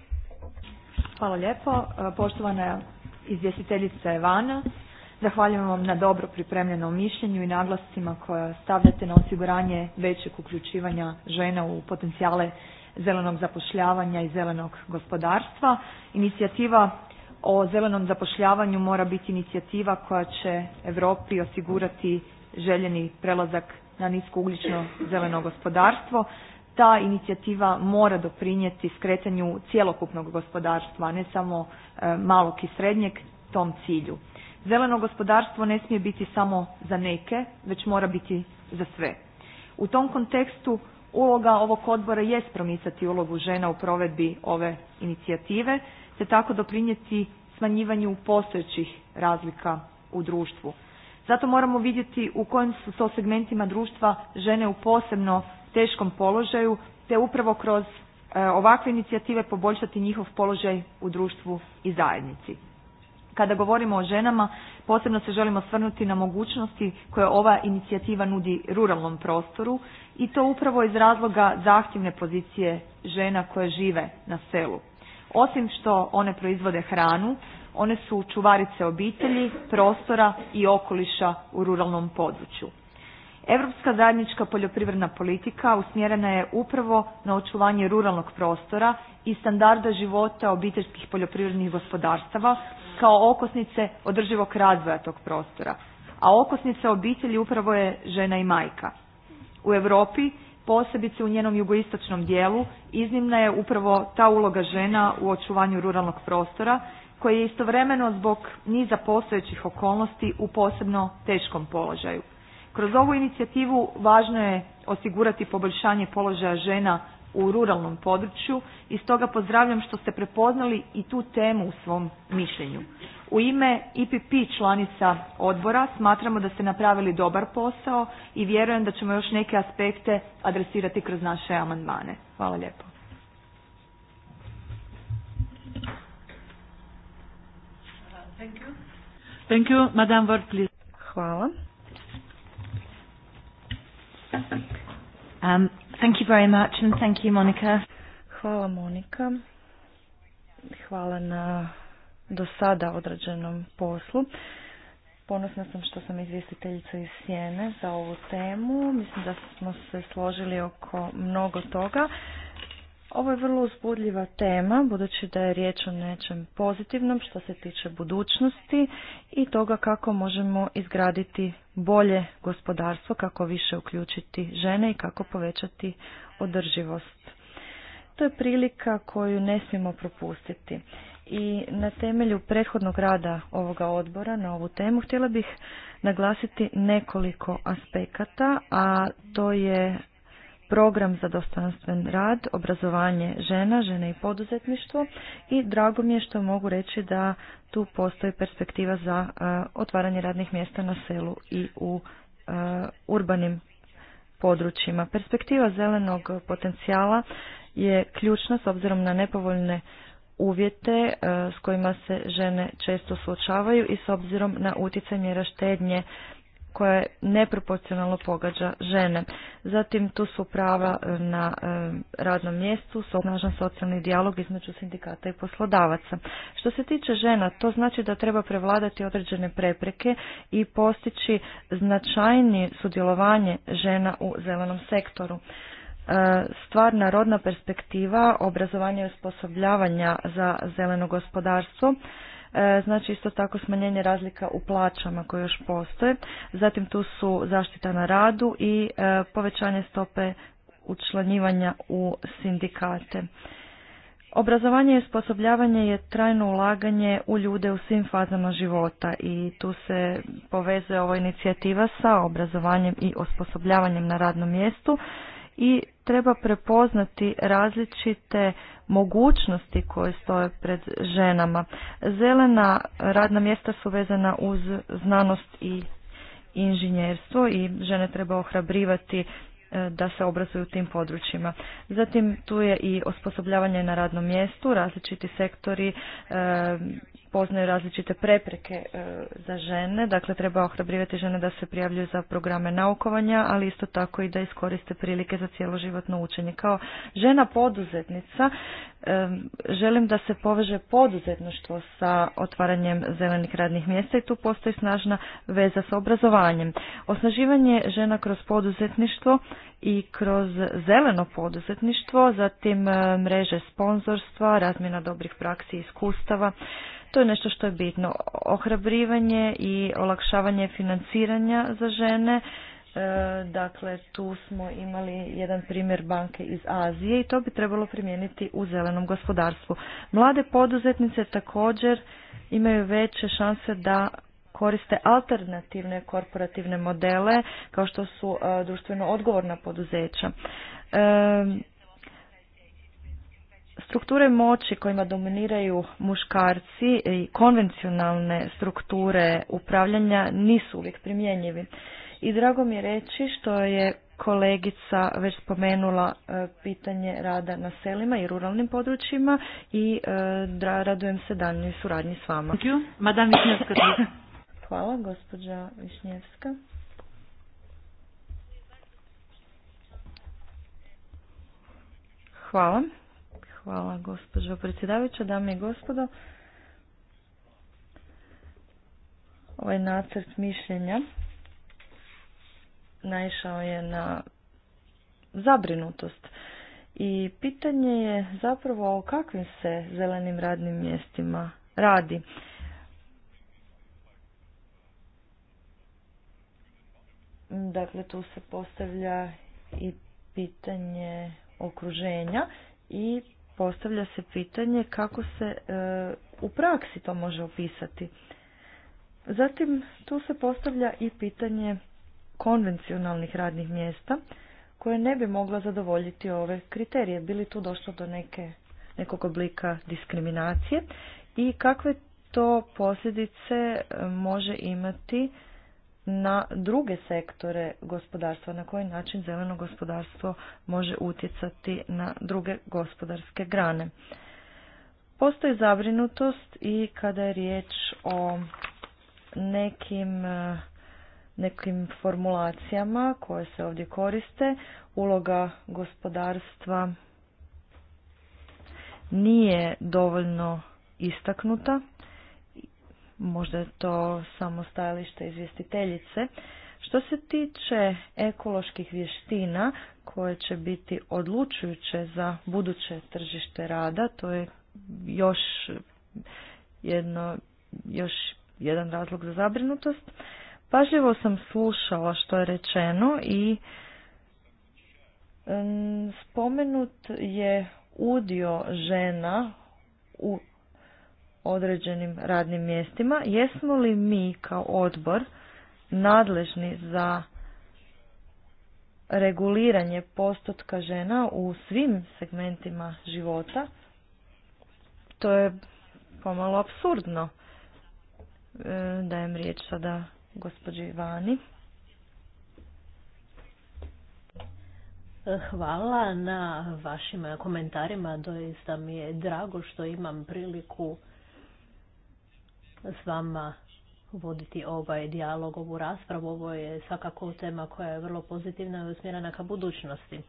Hvala lijepo. E, poštovana izvjestiteljice Evana, zahvaljujem vam na dobro pripremljenom mišljenju i naglascima koje stavljate na osiguranje većeg uključivanja žena u potencijale zelenog zapošljavanja i zelenog gospodarstva. Inicijativa o zelenom zapošljavanju mora biti inicijativa koja će Europi osigurati željeni prelazak na ugljično zeleno gospodarstvo ta inicijativa mora doprinijeti skretanju cjelokupnog gospodarstva, a ne samo e, malog i srednjeg tom cilju. Zeleno gospodarstvo ne smije biti samo za neke, već mora biti za sve. U tom kontekstu uloga ovog odbora jest promicati ulogu žena u provedbi ove inicijative, te tako doprinijeti smanjivanju postojećih razlika u društvu. Zato moramo vidjeti u kojim su to segmentima društva žene u posebno teškom položaju te upravo kroz e, ovakve inicijative poboljšati njihov položaj u društvu i zajednici. Kada govorimo o ženama posebno se želimo svrnuti na mogućnosti koje ova inicijativa nudi ruralnom prostoru i to upravo iz razloga zahtjevne pozicije žena koje žive na selu. Osim što one proizvode hranu, one su čuvarice obitelji, prostora i okoliša u ruralnom području. Europska zajednička poljoprivredna politika usmjerena je upravo na očuvanje ruralnog prostora i standarda života obiteljskih poljoprivrednih gospodarstava kao okosnice održivog razvoja tog prostora, a okosnica obitelji upravo je žena i majka. U Europi, posebice u njenom jugoistočnom dijelu, iznimna je upravo ta uloga žena u očuvanju ruralnog prostora koji je istovremeno zbog niza postojećih okolnosti u posebno teškom položaju. Kroz ovu inicijativu važno je osigurati poboljšanje položaja žena u ruralnom području i stoga pozdravljam što ste prepoznali i tu temu u svom mišljenju. U ime IPP članica odbora smatramo da ste napravili dobar posao i vjerujem da ćemo još neke aspekte adresirati kroz naše amandmane. Hvala lijepo. Hvala. Um, Hvala Monika. Hvala na do sada odrađenom poslu. Ponosna sam što sam izvjestiteljica iz Sjene za ovu temu. Mislim da smo se složili oko mnogo toga. Ovo je vrlo uzbudljiva tema, budući da je riječ o nečem pozitivnom što se tiče budućnosti i toga kako možemo izgraditi bolje gospodarstvo, kako više uključiti žene i kako povećati održivost. To je prilika koju ne smijemo propustiti. I na temelju prethodnog rada ovoga odbora na ovu temu htjela bih naglasiti nekoliko aspekata, a to je program za dostojanstven rad, obrazovanje žena, žene i poduzetništvo i drago mi je što mogu reći da tu postoji perspektiva za e, otvaranje radnih mjesta na selu i u e, urbanim područjima. Perspektiva zelenog potencijala je ključna s obzirom na nepovoljne uvjete e, s kojima se žene često suočavaju i s obzirom na utjecaj mjera štednje koje neproporcionalno pogađa žene. Zatim tu su prava e, na e, radnom mjestu, snažan socijalni dijalog između sindikata i poslodavaca. Što se tiče žena, to znači da treba prevladati određene prepreke i postići značajnije sudjelovanje žena u zelenom sektoru e, stvarna rodna perspektiva obrazovanja i osposobljavanja za zeleno gospodarstvo E, znači isto tako smanjenje razlika u plaćama koje još postoje. Zatim tu su zaštita na radu i e, povećanje stope učlanjivanja u sindikate. Obrazovanje i osposobljavanje je trajno ulaganje u ljude u svim fazama života i tu se povezuje ova inicijativa sa obrazovanjem i osposobljavanjem na radnom mjestu i treba prepoznati različite mogućnosti koje stoje pred ženama. Zelena radna mjesta su vezana uz znanost i inženjerstvo i žene treba ohrabrivati e, da se obrazuju u tim područjima. Zatim tu je i osposobljavanje na radnom mjestu, različiti sektori e, poznaju različite prepreke e, za žene, dakle treba ohrabrivati žene da se prijavljuju za programe naukovanja, ali isto tako i da iskoriste prilike za cijeloživotno učenje. Kao žena poduzetnica e, želim da se poveže poduzetništvo sa otvaranjem zelenih radnih mjesta i tu postoji snažna veza sa obrazovanjem. Osnaživanje žena kroz poduzetništvo i kroz zeleno poduzetništvo, zatim e, mreže sponzorstva, razmjena dobrih praksi i iskustava, to je nešto što je bitno. Ohrabrivanje i olakšavanje financiranja za žene. E, dakle, tu smo imali jedan primjer banke iz Azije i to bi trebalo primijeniti u zelenom gospodarstvu. Mlade poduzetnice također imaju veće šanse da koriste alternativne korporativne modele kao što su e, društveno odgovorna poduzeća. E, Strukture moći kojima dominiraju muškarci i konvencionalne strukture upravljanja nisu uvijek primjenjivi. I drago mi je reći što je kolegica već spomenula e, pitanje rada na selima i ruralnim područjima i e, radujem se daljnjoj suradnji s vama. Hvala, gospođa Višnjevska. Hvala. Hvala gospođo predsjedavajuća, dame i gospodo. Ovaj nacrt mišljenja naišao je na zabrinutost. I pitanje je zapravo o kakvim se zelenim radnim mjestima radi. Dakle, tu se postavlja i pitanje okruženja i postavlja se pitanje kako se e, u praksi to može opisati. Zatim tu se postavlja i pitanje konvencionalnih radnih mjesta koje ne bi mogla zadovoljiti ove kriterije. Bili tu došlo do neke, nekog oblika diskriminacije i kakve to posljedice e, može imati na druge sektore gospodarstva, na koji način zeleno gospodarstvo može utjecati na druge gospodarske grane. Postoji zabrinutost i kada je riječ o nekim nekim formulacijama koje se ovdje koriste. Uloga gospodarstva nije dovoljno istaknuta. Možda je to samo izvjestiteljice. Što se tiče ekoloških vještina koje će biti odlučujuće za buduće tržište rada, to je još jedno, još jedan razlog za zabrinutost. Pažljivo sam slušala što je rečeno i spomenut je udio žena u određenim radnim mjestima. Jesmo li mi kao odbor nadležni za reguliranje postotka žena u svim segmentima života? To je pomalo absurdno. E, dajem riječ sada gospođi Ivani. Hvala na vašim komentarima. Doista mi je drago što imam priliku s vama voditi ovaj dijalog, ovu raspravu. Ovo je svakako tema koja je vrlo pozitivna i usmjerena ka budućnosti.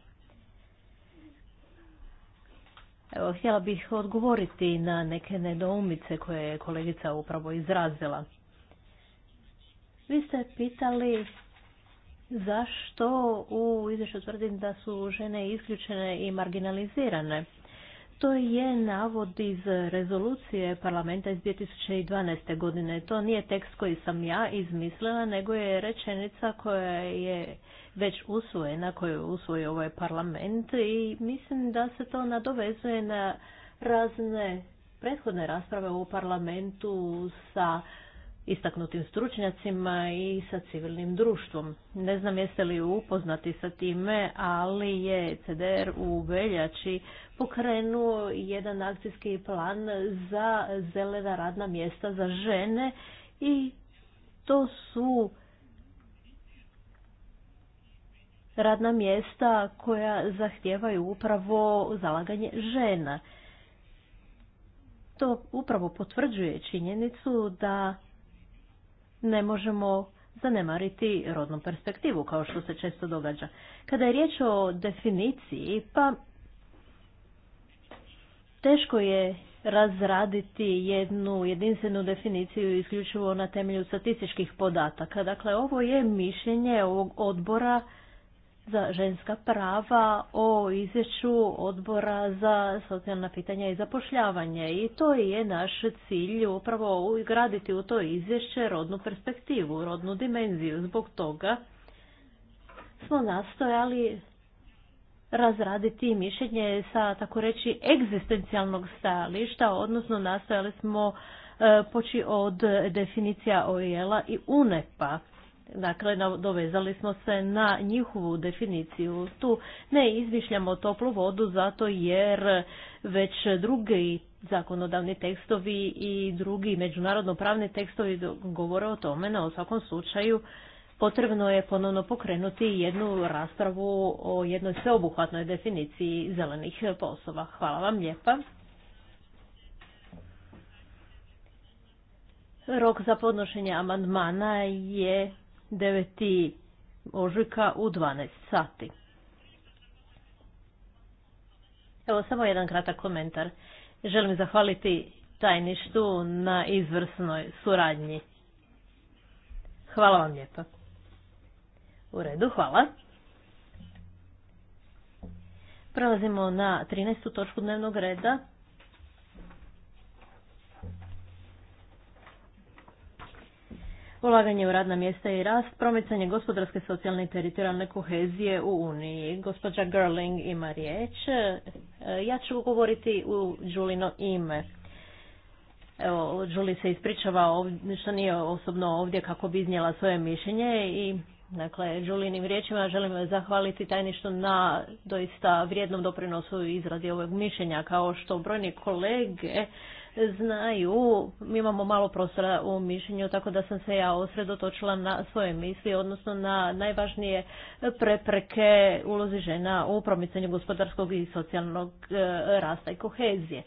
Evo, htjela bih odgovoriti na neke nedoumice koje je kolegica upravo izrazila. Vi ste pitali zašto u izvješću tvrdim da su žene isključene i marginalizirane. To je navod iz rezolucije parlamenta iz 2012. godine. To nije tekst koji sam ja izmislila, nego je rečenica koja je već usvojena, koju je usvojio ovaj parlament i mislim da se to nadovezuje na razne prethodne rasprave u parlamentu sa istaknutim stručnjacima i sa civilnim društvom. Ne znam jeste li upoznati sa time, ali je CDR u Veljači pokrenuo jedan akcijski plan za zelena radna mjesta za žene i to su radna mjesta koja zahtijevaju upravo zalaganje žena. To upravo potvrđuje činjenicu da ne možemo zanemariti rodnu perspektivu, kao što se često događa. Kada je riječ o definiciji, pa teško je razraditi jednu jedinstvenu definiciju isključivo na temelju statističkih podataka. Dakle, ovo je mišljenje ovog odbora za ženska prava o izvješću odbora za socijalna pitanja i zapošljavanje. I to je naš cilj upravo ugraditi u to izvješće rodnu perspektivu, rodnu dimenziju. Zbog toga smo nastojali razraditi mišljenje sa tako reći egzistencijalnog stajališta, odnosno nastojali smo e, poći od definicija OIL-a i UNEP-a. Dakle, dovezali smo se na njihovu definiciju. Tu ne izmišljamo toplu vodu zato jer već drugi zakonodavni tekstovi i drugi međunarodno pravni tekstovi govore o tome, Na u svakom slučaju potrebno je ponovno pokrenuti jednu raspravu o jednoj sveobuhvatnoj definiciji zelenih poslova. Hvala vam lijepa. Rok za podnošenje amandmana je 9. ožujka u 12 sati. Evo samo jedan kratak komentar. Želim zahvaliti tajništu na izvrsnoj suradnji. Hvala vam lijepa. U redu, hvala. Prelazimo na 13. točku dnevnog reda. ulaganje u radna mjesta i rast, promicanje gospodarske, socijalne i teritorijalne kohezije u Uniji. Gospođa Gerling ima riječ. E, ja ću govoriti u Đulino ime. Evo, Đuli se ispričava ovdje, što nije osobno ovdje kako bi iznijela svoje mišljenje i Dakle, Đulinim riječima želim zahvaliti tajništvo na doista vrijednom doprinosu izradi ovog mišljenja. Kao što brojni kolege znaju. Mi imamo malo prostora u mišljenju, tako da sam se ja osredotočila na svoje misli, odnosno na najvažnije prepreke ulozi žena u promicanju gospodarskog i socijalnog e, rasta i kohezije.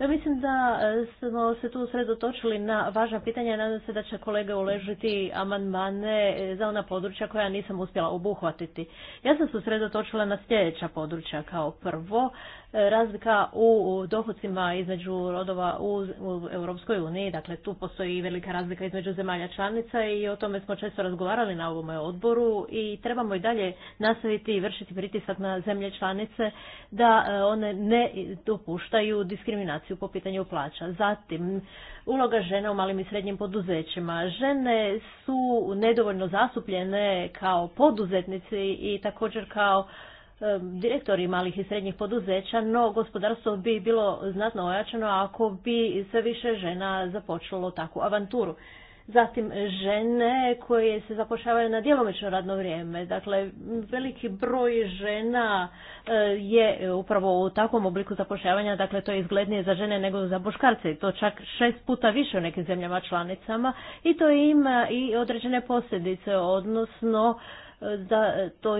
Ja mislim da e, smo se tu usredotočili na važna pitanja. Nadam se da će kolege uležiti amandmane za ona područja koja nisam uspjela obuhvatiti. Ja sam se usredotočila na sljedeća područja kao prvo razlika u dohodcima između rodova u, Europskoj uniji. Dakle, tu postoji velika razlika između zemalja članica i o tome smo često razgovarali na ovom odboru i trebamo i dalje nastaviti i vršiti pritisak na zemlje članice da e, one ne dopuštaju diskriminaciju po pitanju plaća. Zatim, uloga žena u malim i srednjim poduzećima. Žene su nedovoljno zastupljene kao poduzetnici i također kao direktori malih i srednjih poduzeća, no gospodarstvo bi bilo znatno ojačeno ako bi sve više žena započelo takvu avanturu. Zatim žene koje se zapošljavaju na djelomično radno vrijeme. Dakle, veliki broj žena e, je upravo u takvom obliku zapošljavanja, dakle to je izglednije za žene nego za boškarce to čak šest puta više u nekim zemljama članicama i to ima i određene posljedice, odnosno e, da to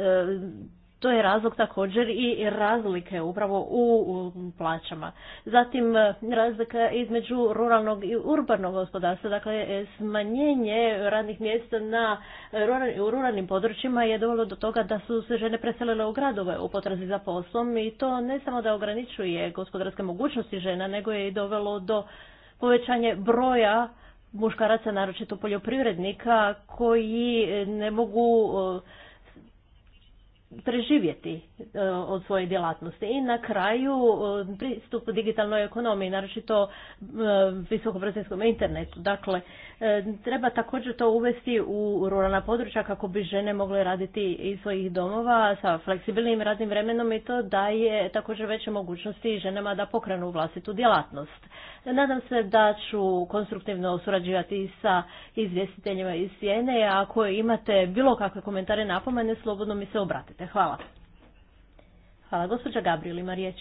E, to je razlog također i razlike upravo u plaćama. Zatim razlika između ruralnog i urbanog gospodarstva, dakle smanjenje radnih mjesta na u ruralnim područjima je dovelo do toga da su se žene preselile u gradove u potrazi za poslom i to ne samo da ograničuje gospodarske mogućnosti žena, nego je i dovelo do povećanje broja muškaraca, naročito poljoprivrednika, koji ne mogu preživjeti E, od svoje djelatnosti. I na kraju e, pristup digitalnoj ekonomiji, naročito e, visokobrzinskom internetu. Dakle, treba također to uvesti u ruralna područja kako bi žene mogle raditi iz svojih domova sa fleksibilnim radnim vremenom i to daje također veće mogućnosti ženama da pokrenu vlastitu djelatnost. Nadam se da ću konstruktivno surađivati sa izvjestiteljima iz Sjene. Ako imate bilo kakve komentare napomene, slobodno mi se obratite. Hvala. Hvala. Gospođa Gabriel ima riječ.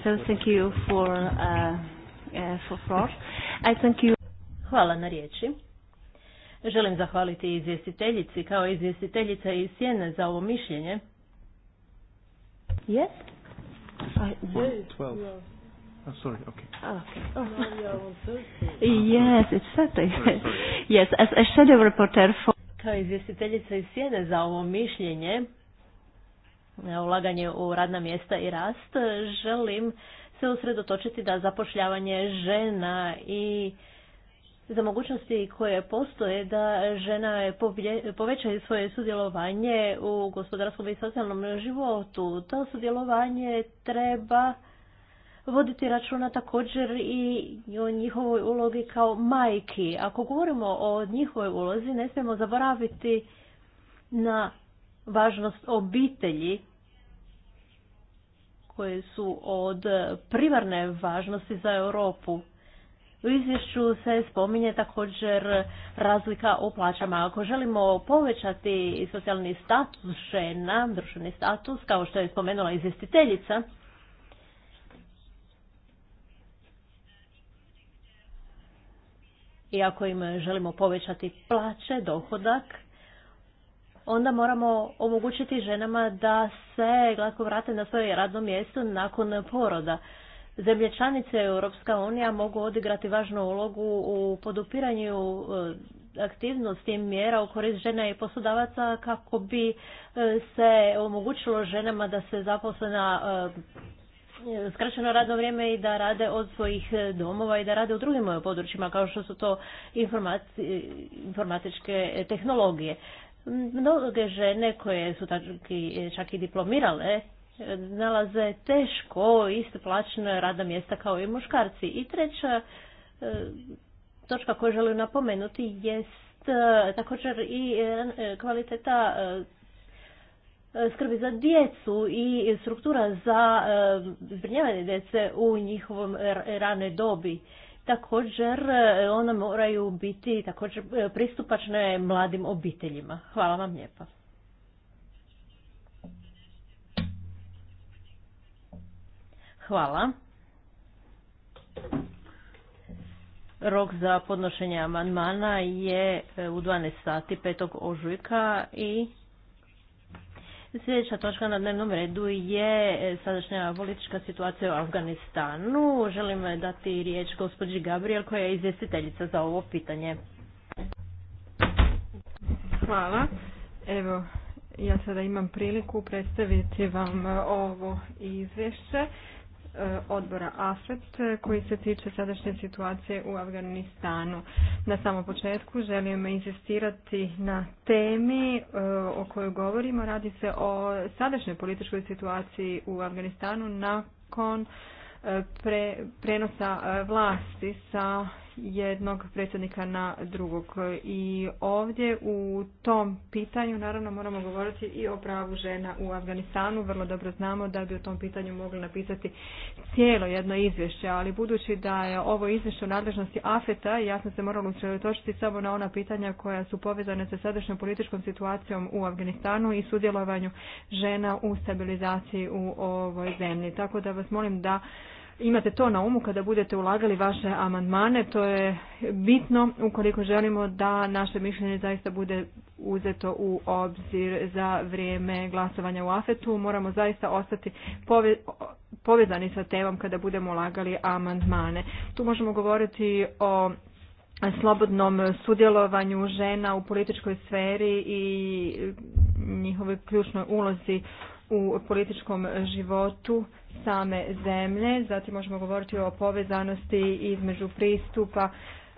thank for, uh, uh, for I thank you. Hvala na riječi. Želim zahvaliti izvjestiteljici kao izvjestiteljica iz Sjene za ovo mišljenje. Yes? Oh, sorry, okay. Ah, okay. Oh. Yes, it's Yes, as a reporter for... Kao izvjestiteljica iz Sjene za ovo mišljenje, ulaganje u radna mjesta i rast, želim se usredotočiti da zapošljavanje žena i za mogućnosti koje postoje da žena povećaju svoje sudjelovanje u gospodarskom i socijalnom životu. To sudjelovanje treba voditi računa također i o njihovoj ulogi kao majki. Ako govorimo o njihovoj ulozi, ne smijemo zaboraviti na važnost obitelji koje su od primarne važnosti za Europu. U izvješću se spominje također razlika u plaćama. Ako želimo povećati socijalni status žena, društveni status, kao što je spomenula izvjestiteljica, i ako im e, želimo povećati plaće, dohodak, onda moramo omogućiti ženama da se glatko vrate na svoje radno mjesto nakon poroda. Zemlje članice Europska unija mogu odigrati važnu ulogu u podupiranju e, aktivnosti i mjera u korist žena i poslodavaca kako bi e, se omogućilo ženama da se zaposle na skraćeno radno vrijeme i da rade od svojih e, domova i da rade u drugim e, područjima kao što su to informatičke e, tehnologije. Mnoge žene koje su čak i diplomirale nalaze teško isto plaćena radna mjesta kao i muškarci. I treća točka koju želim napomenuti jest također i kvaliteta skrbi za djecu i struktura za eh, zbrinjavanje djece u njihovom ranoj dobi. Također, eh, one moraju biti također eh, pristupačne mladim obiteljima. Hvala vam lijepa. Hvala. Rok za podnošenje amandmana je u 12 sati 5. ožujka i Sljedeća točka na dnevnom redu je e, sadašnja politička situacija u Afganistanu. Želim dati riječ gospođi Gabriel koja je izvjestiteljica za ovo pitanje. Hvala. Evo, ja sada imam priliku predstaviti vam e, ovo izvješće. E, odbora AFET e, koji se tiče sadašnje situacije u Afganistanu. Na samom početku želim insistirati na temi e, o kojoj govorimo. Radi se o sadašnjoj političkoj situaciji u Afganistanu nakon prenosa vlasti sa jednog predsjednika na drugog. I ovdje u tom pitanju naravno moramo govoriti i o pravu žena u Afganistanu. Vrlo dobro znamo da bi o tom pitanju mogli napisati cijelo jedno izvješće, ali budući da je ovo izvješće u nadležnosti AFETA, jasno se morala usredotočiti samo na ona pitanja koja su povezane sa sadašnjom političkom situacijom u Afganistanu i sudjelovanju žena u stabilizaciji u ovoj zemlji. Tako da vas molim da imate to na umu kada budete ulagali vaše amandmane. To je bitno ukoliko želimo da naše mišljenje zaista bude uzeto u obzir za vrijeme glasovanja u afetu. Moramo zaista ostati povezani sa temom kada budemo ulagali amandmane. Tu možemo govoriti o slobodnom sudjelovanju žena u političkoj sferi i njihovoj ključnoj ulozi u političkom životu same zemlje, zatim možemo govoriti o povezanosti između pristupa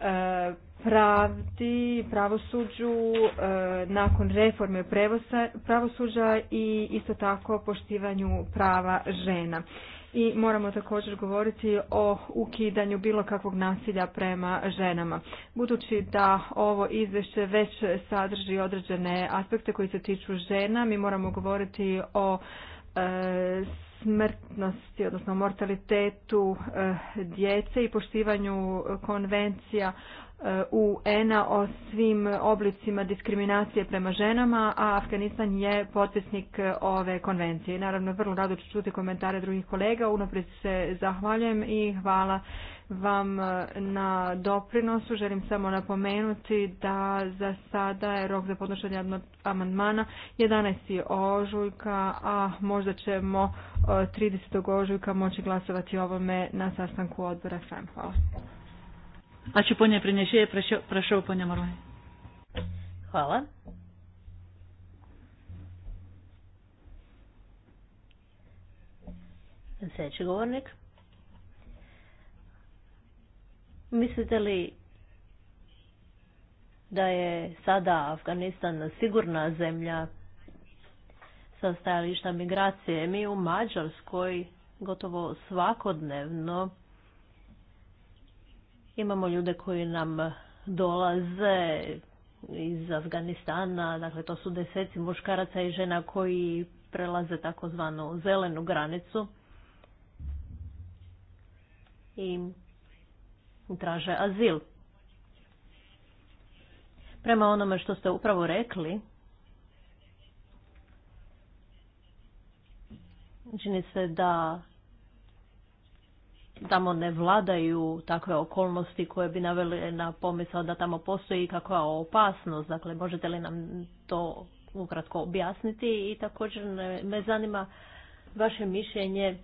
e, pravdi, pravosuđu e, nakon reforme pravosuđa i isto tako poštivanju prava žena. I moramo također govoriti o ukidanju bilo kakvog nasilja prema ženama. Budući da ovo izvješće već sadrži određene aspekte koji se tiču žena, mi moramo govoriti o e, smrtnosti, odnosno mortalitetu eh, djece i poštivanju konvencija eh, UN-a o svim oblicima diskriminacije prema ženama, a Afganistan je potpisnik eh, ove konvencije. Naravno, vrlo rado ću čuti komentare drugih kolega. Unaprijed se zahvaljujem i hvala vam e, na doprinosu. Želim samo napomenuti da za sada je rok za podnošenje amandmana 11. ožujka, a možda ćemo 30. E, ožujka moći glasovati ovome na sastanku odbora fem Hvala. A ću ponje prinješi, prašao ponje Hvala. Sljedeći govornik. Mislite li da je sada Afganistan sigurna zemlja sa stajališta migracije? Mi u Mađarskoj gotovo svakodnevno imamo ljude koji nam dolaze iz Afganistana, dakle to su deseci muškaraca i žena koji prelaze takozvanu zelenu granicu. I traže azil. Prema onome što ste upravo rekli, čini se da tamo ne vladaju takve okolnosti koje bi naveli na pomisao da tamo postoji kakva opasnost. Dakle, možete li nam to ukratko objasniti i također me zanima vaše mišljenje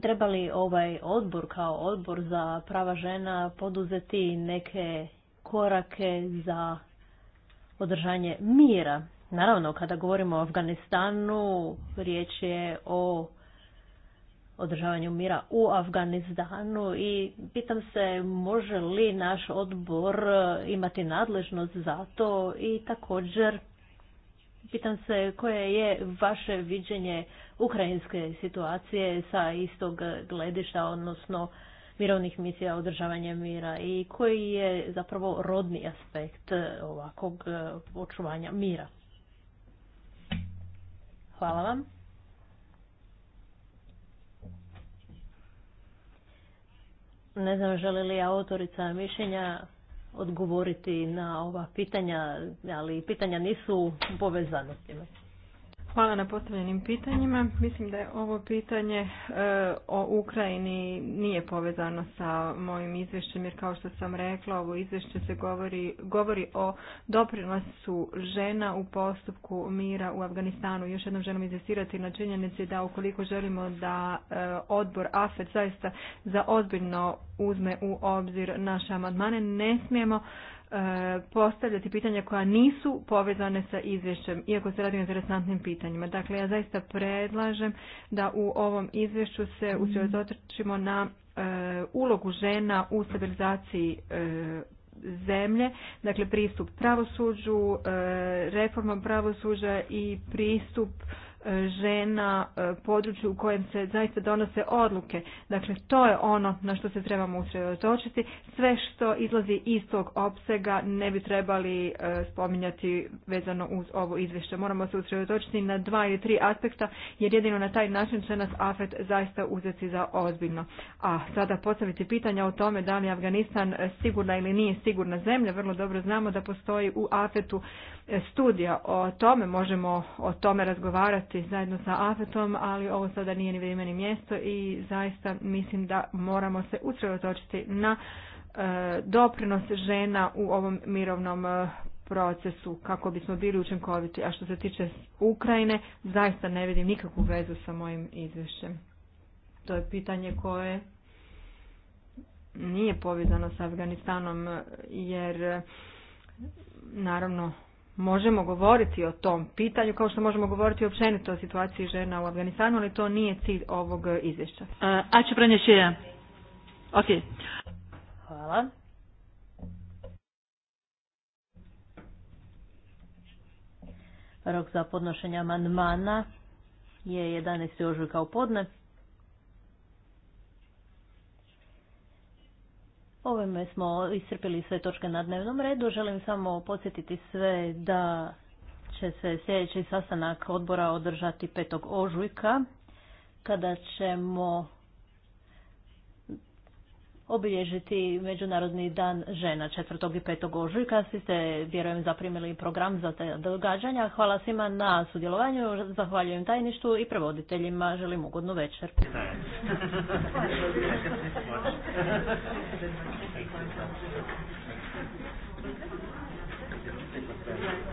Treba li ovaj odbor kao odbor za prava žena poduzeti neke korake za održanje mira? Naravno, kada govorimo o Afganistanu, riječ je o održavanju mira u Afganistanu i pitam se može li naš odbor imati nadležnost za to i također Pitam se koje je vaše viđenje ukrajinske situacije sa istog gledišta, odnosno mirovnih misija održavanja mira i koji je zapravo rodni aspekt ovakvog e, očuvanja mira. Hvala vam. Ne znam želi li autorica mišljenja odgovoriti na ova pitanja, ali pitanja nisu povezana s time. Hvala na postavljenim pitanjima. Mislim da je ovo pitanje e, o Ukrajini nije povezano sa mojim izvješćem jer kao što sam rekla ovo izvješće se govori, govori o doprinosu žena u postupku mira u Afganistanu. Još jednom želim izvestirati na činjenici da ukoliko želimo da e, odbor AFED zaista za ozbiljno uzme u obzir naše amandmane ne smijemo E, postavljati pitanja koja nisu povezane sa izvješćem, iako se radi o interesantnim pitanjima. Dakle, ja zaista predlažem da u ovom izvješću se mhm. usredotočimo na e, ulogu žena u stabilizaciji e, zemlje, dakle pristup pravosuđu, reformom pravosuđa i pristup žena e, području u kojem se zaista donose odluke. Dakle, to je ono na što se trebamo usredotočiti. Sve što izlazi iz tog opsega ne bi trebali e, spominjati vezano uz ovo izvješće. Moramo se usredotočiti na dva ili tri aspekta, jer jedino na taj način će nas AFET zaista uzeti za ozbiljno. A sada postaviti pitanja o tome da li Afganistan sigurna ili nije sigurna zemlja, vrlo dobro znamo da postoji u Afetu studija o tome, možemo o tome razgovarati zajedno sa afetom, ali ovo sada nije ni vrijeme ni mjesto i zaista mislim da moramo se usredotočiti na e, doprinos žena u ovom mirovnom e, procesu kako bismo bili učinkoviti. A što se tiče Ukrajine, zaista ne vidim nikakvu vezu sa mojim izvješćem. To je pitanje koje nije povezano sa Afganistanom jer naravno možemo govoriti o tom pitanju, kao što možemo govoriti općenito o situaciji žena u Afganistanu, ali to nije cilj ovog izvješća. E, A ću prenjeći ja. Ok. Hvala. Rok za podnošenje amandmana je 11. ožujka u podne. Ovime smo iscrpili sve točke na dnevnom redu. Želim samo podsjetiti sve da će se sljedeći sastanak odbora održati 5. ožujka kada ćemo obilježiti Međunarodni dan žena 4. i 5. ožujka. Svi ste, vjerujem, zaprimili program za te događanja. Hvala svima na sudjelovanju, zahvaljujem tajništu i prevoditeljima. Želim ugodnu večer.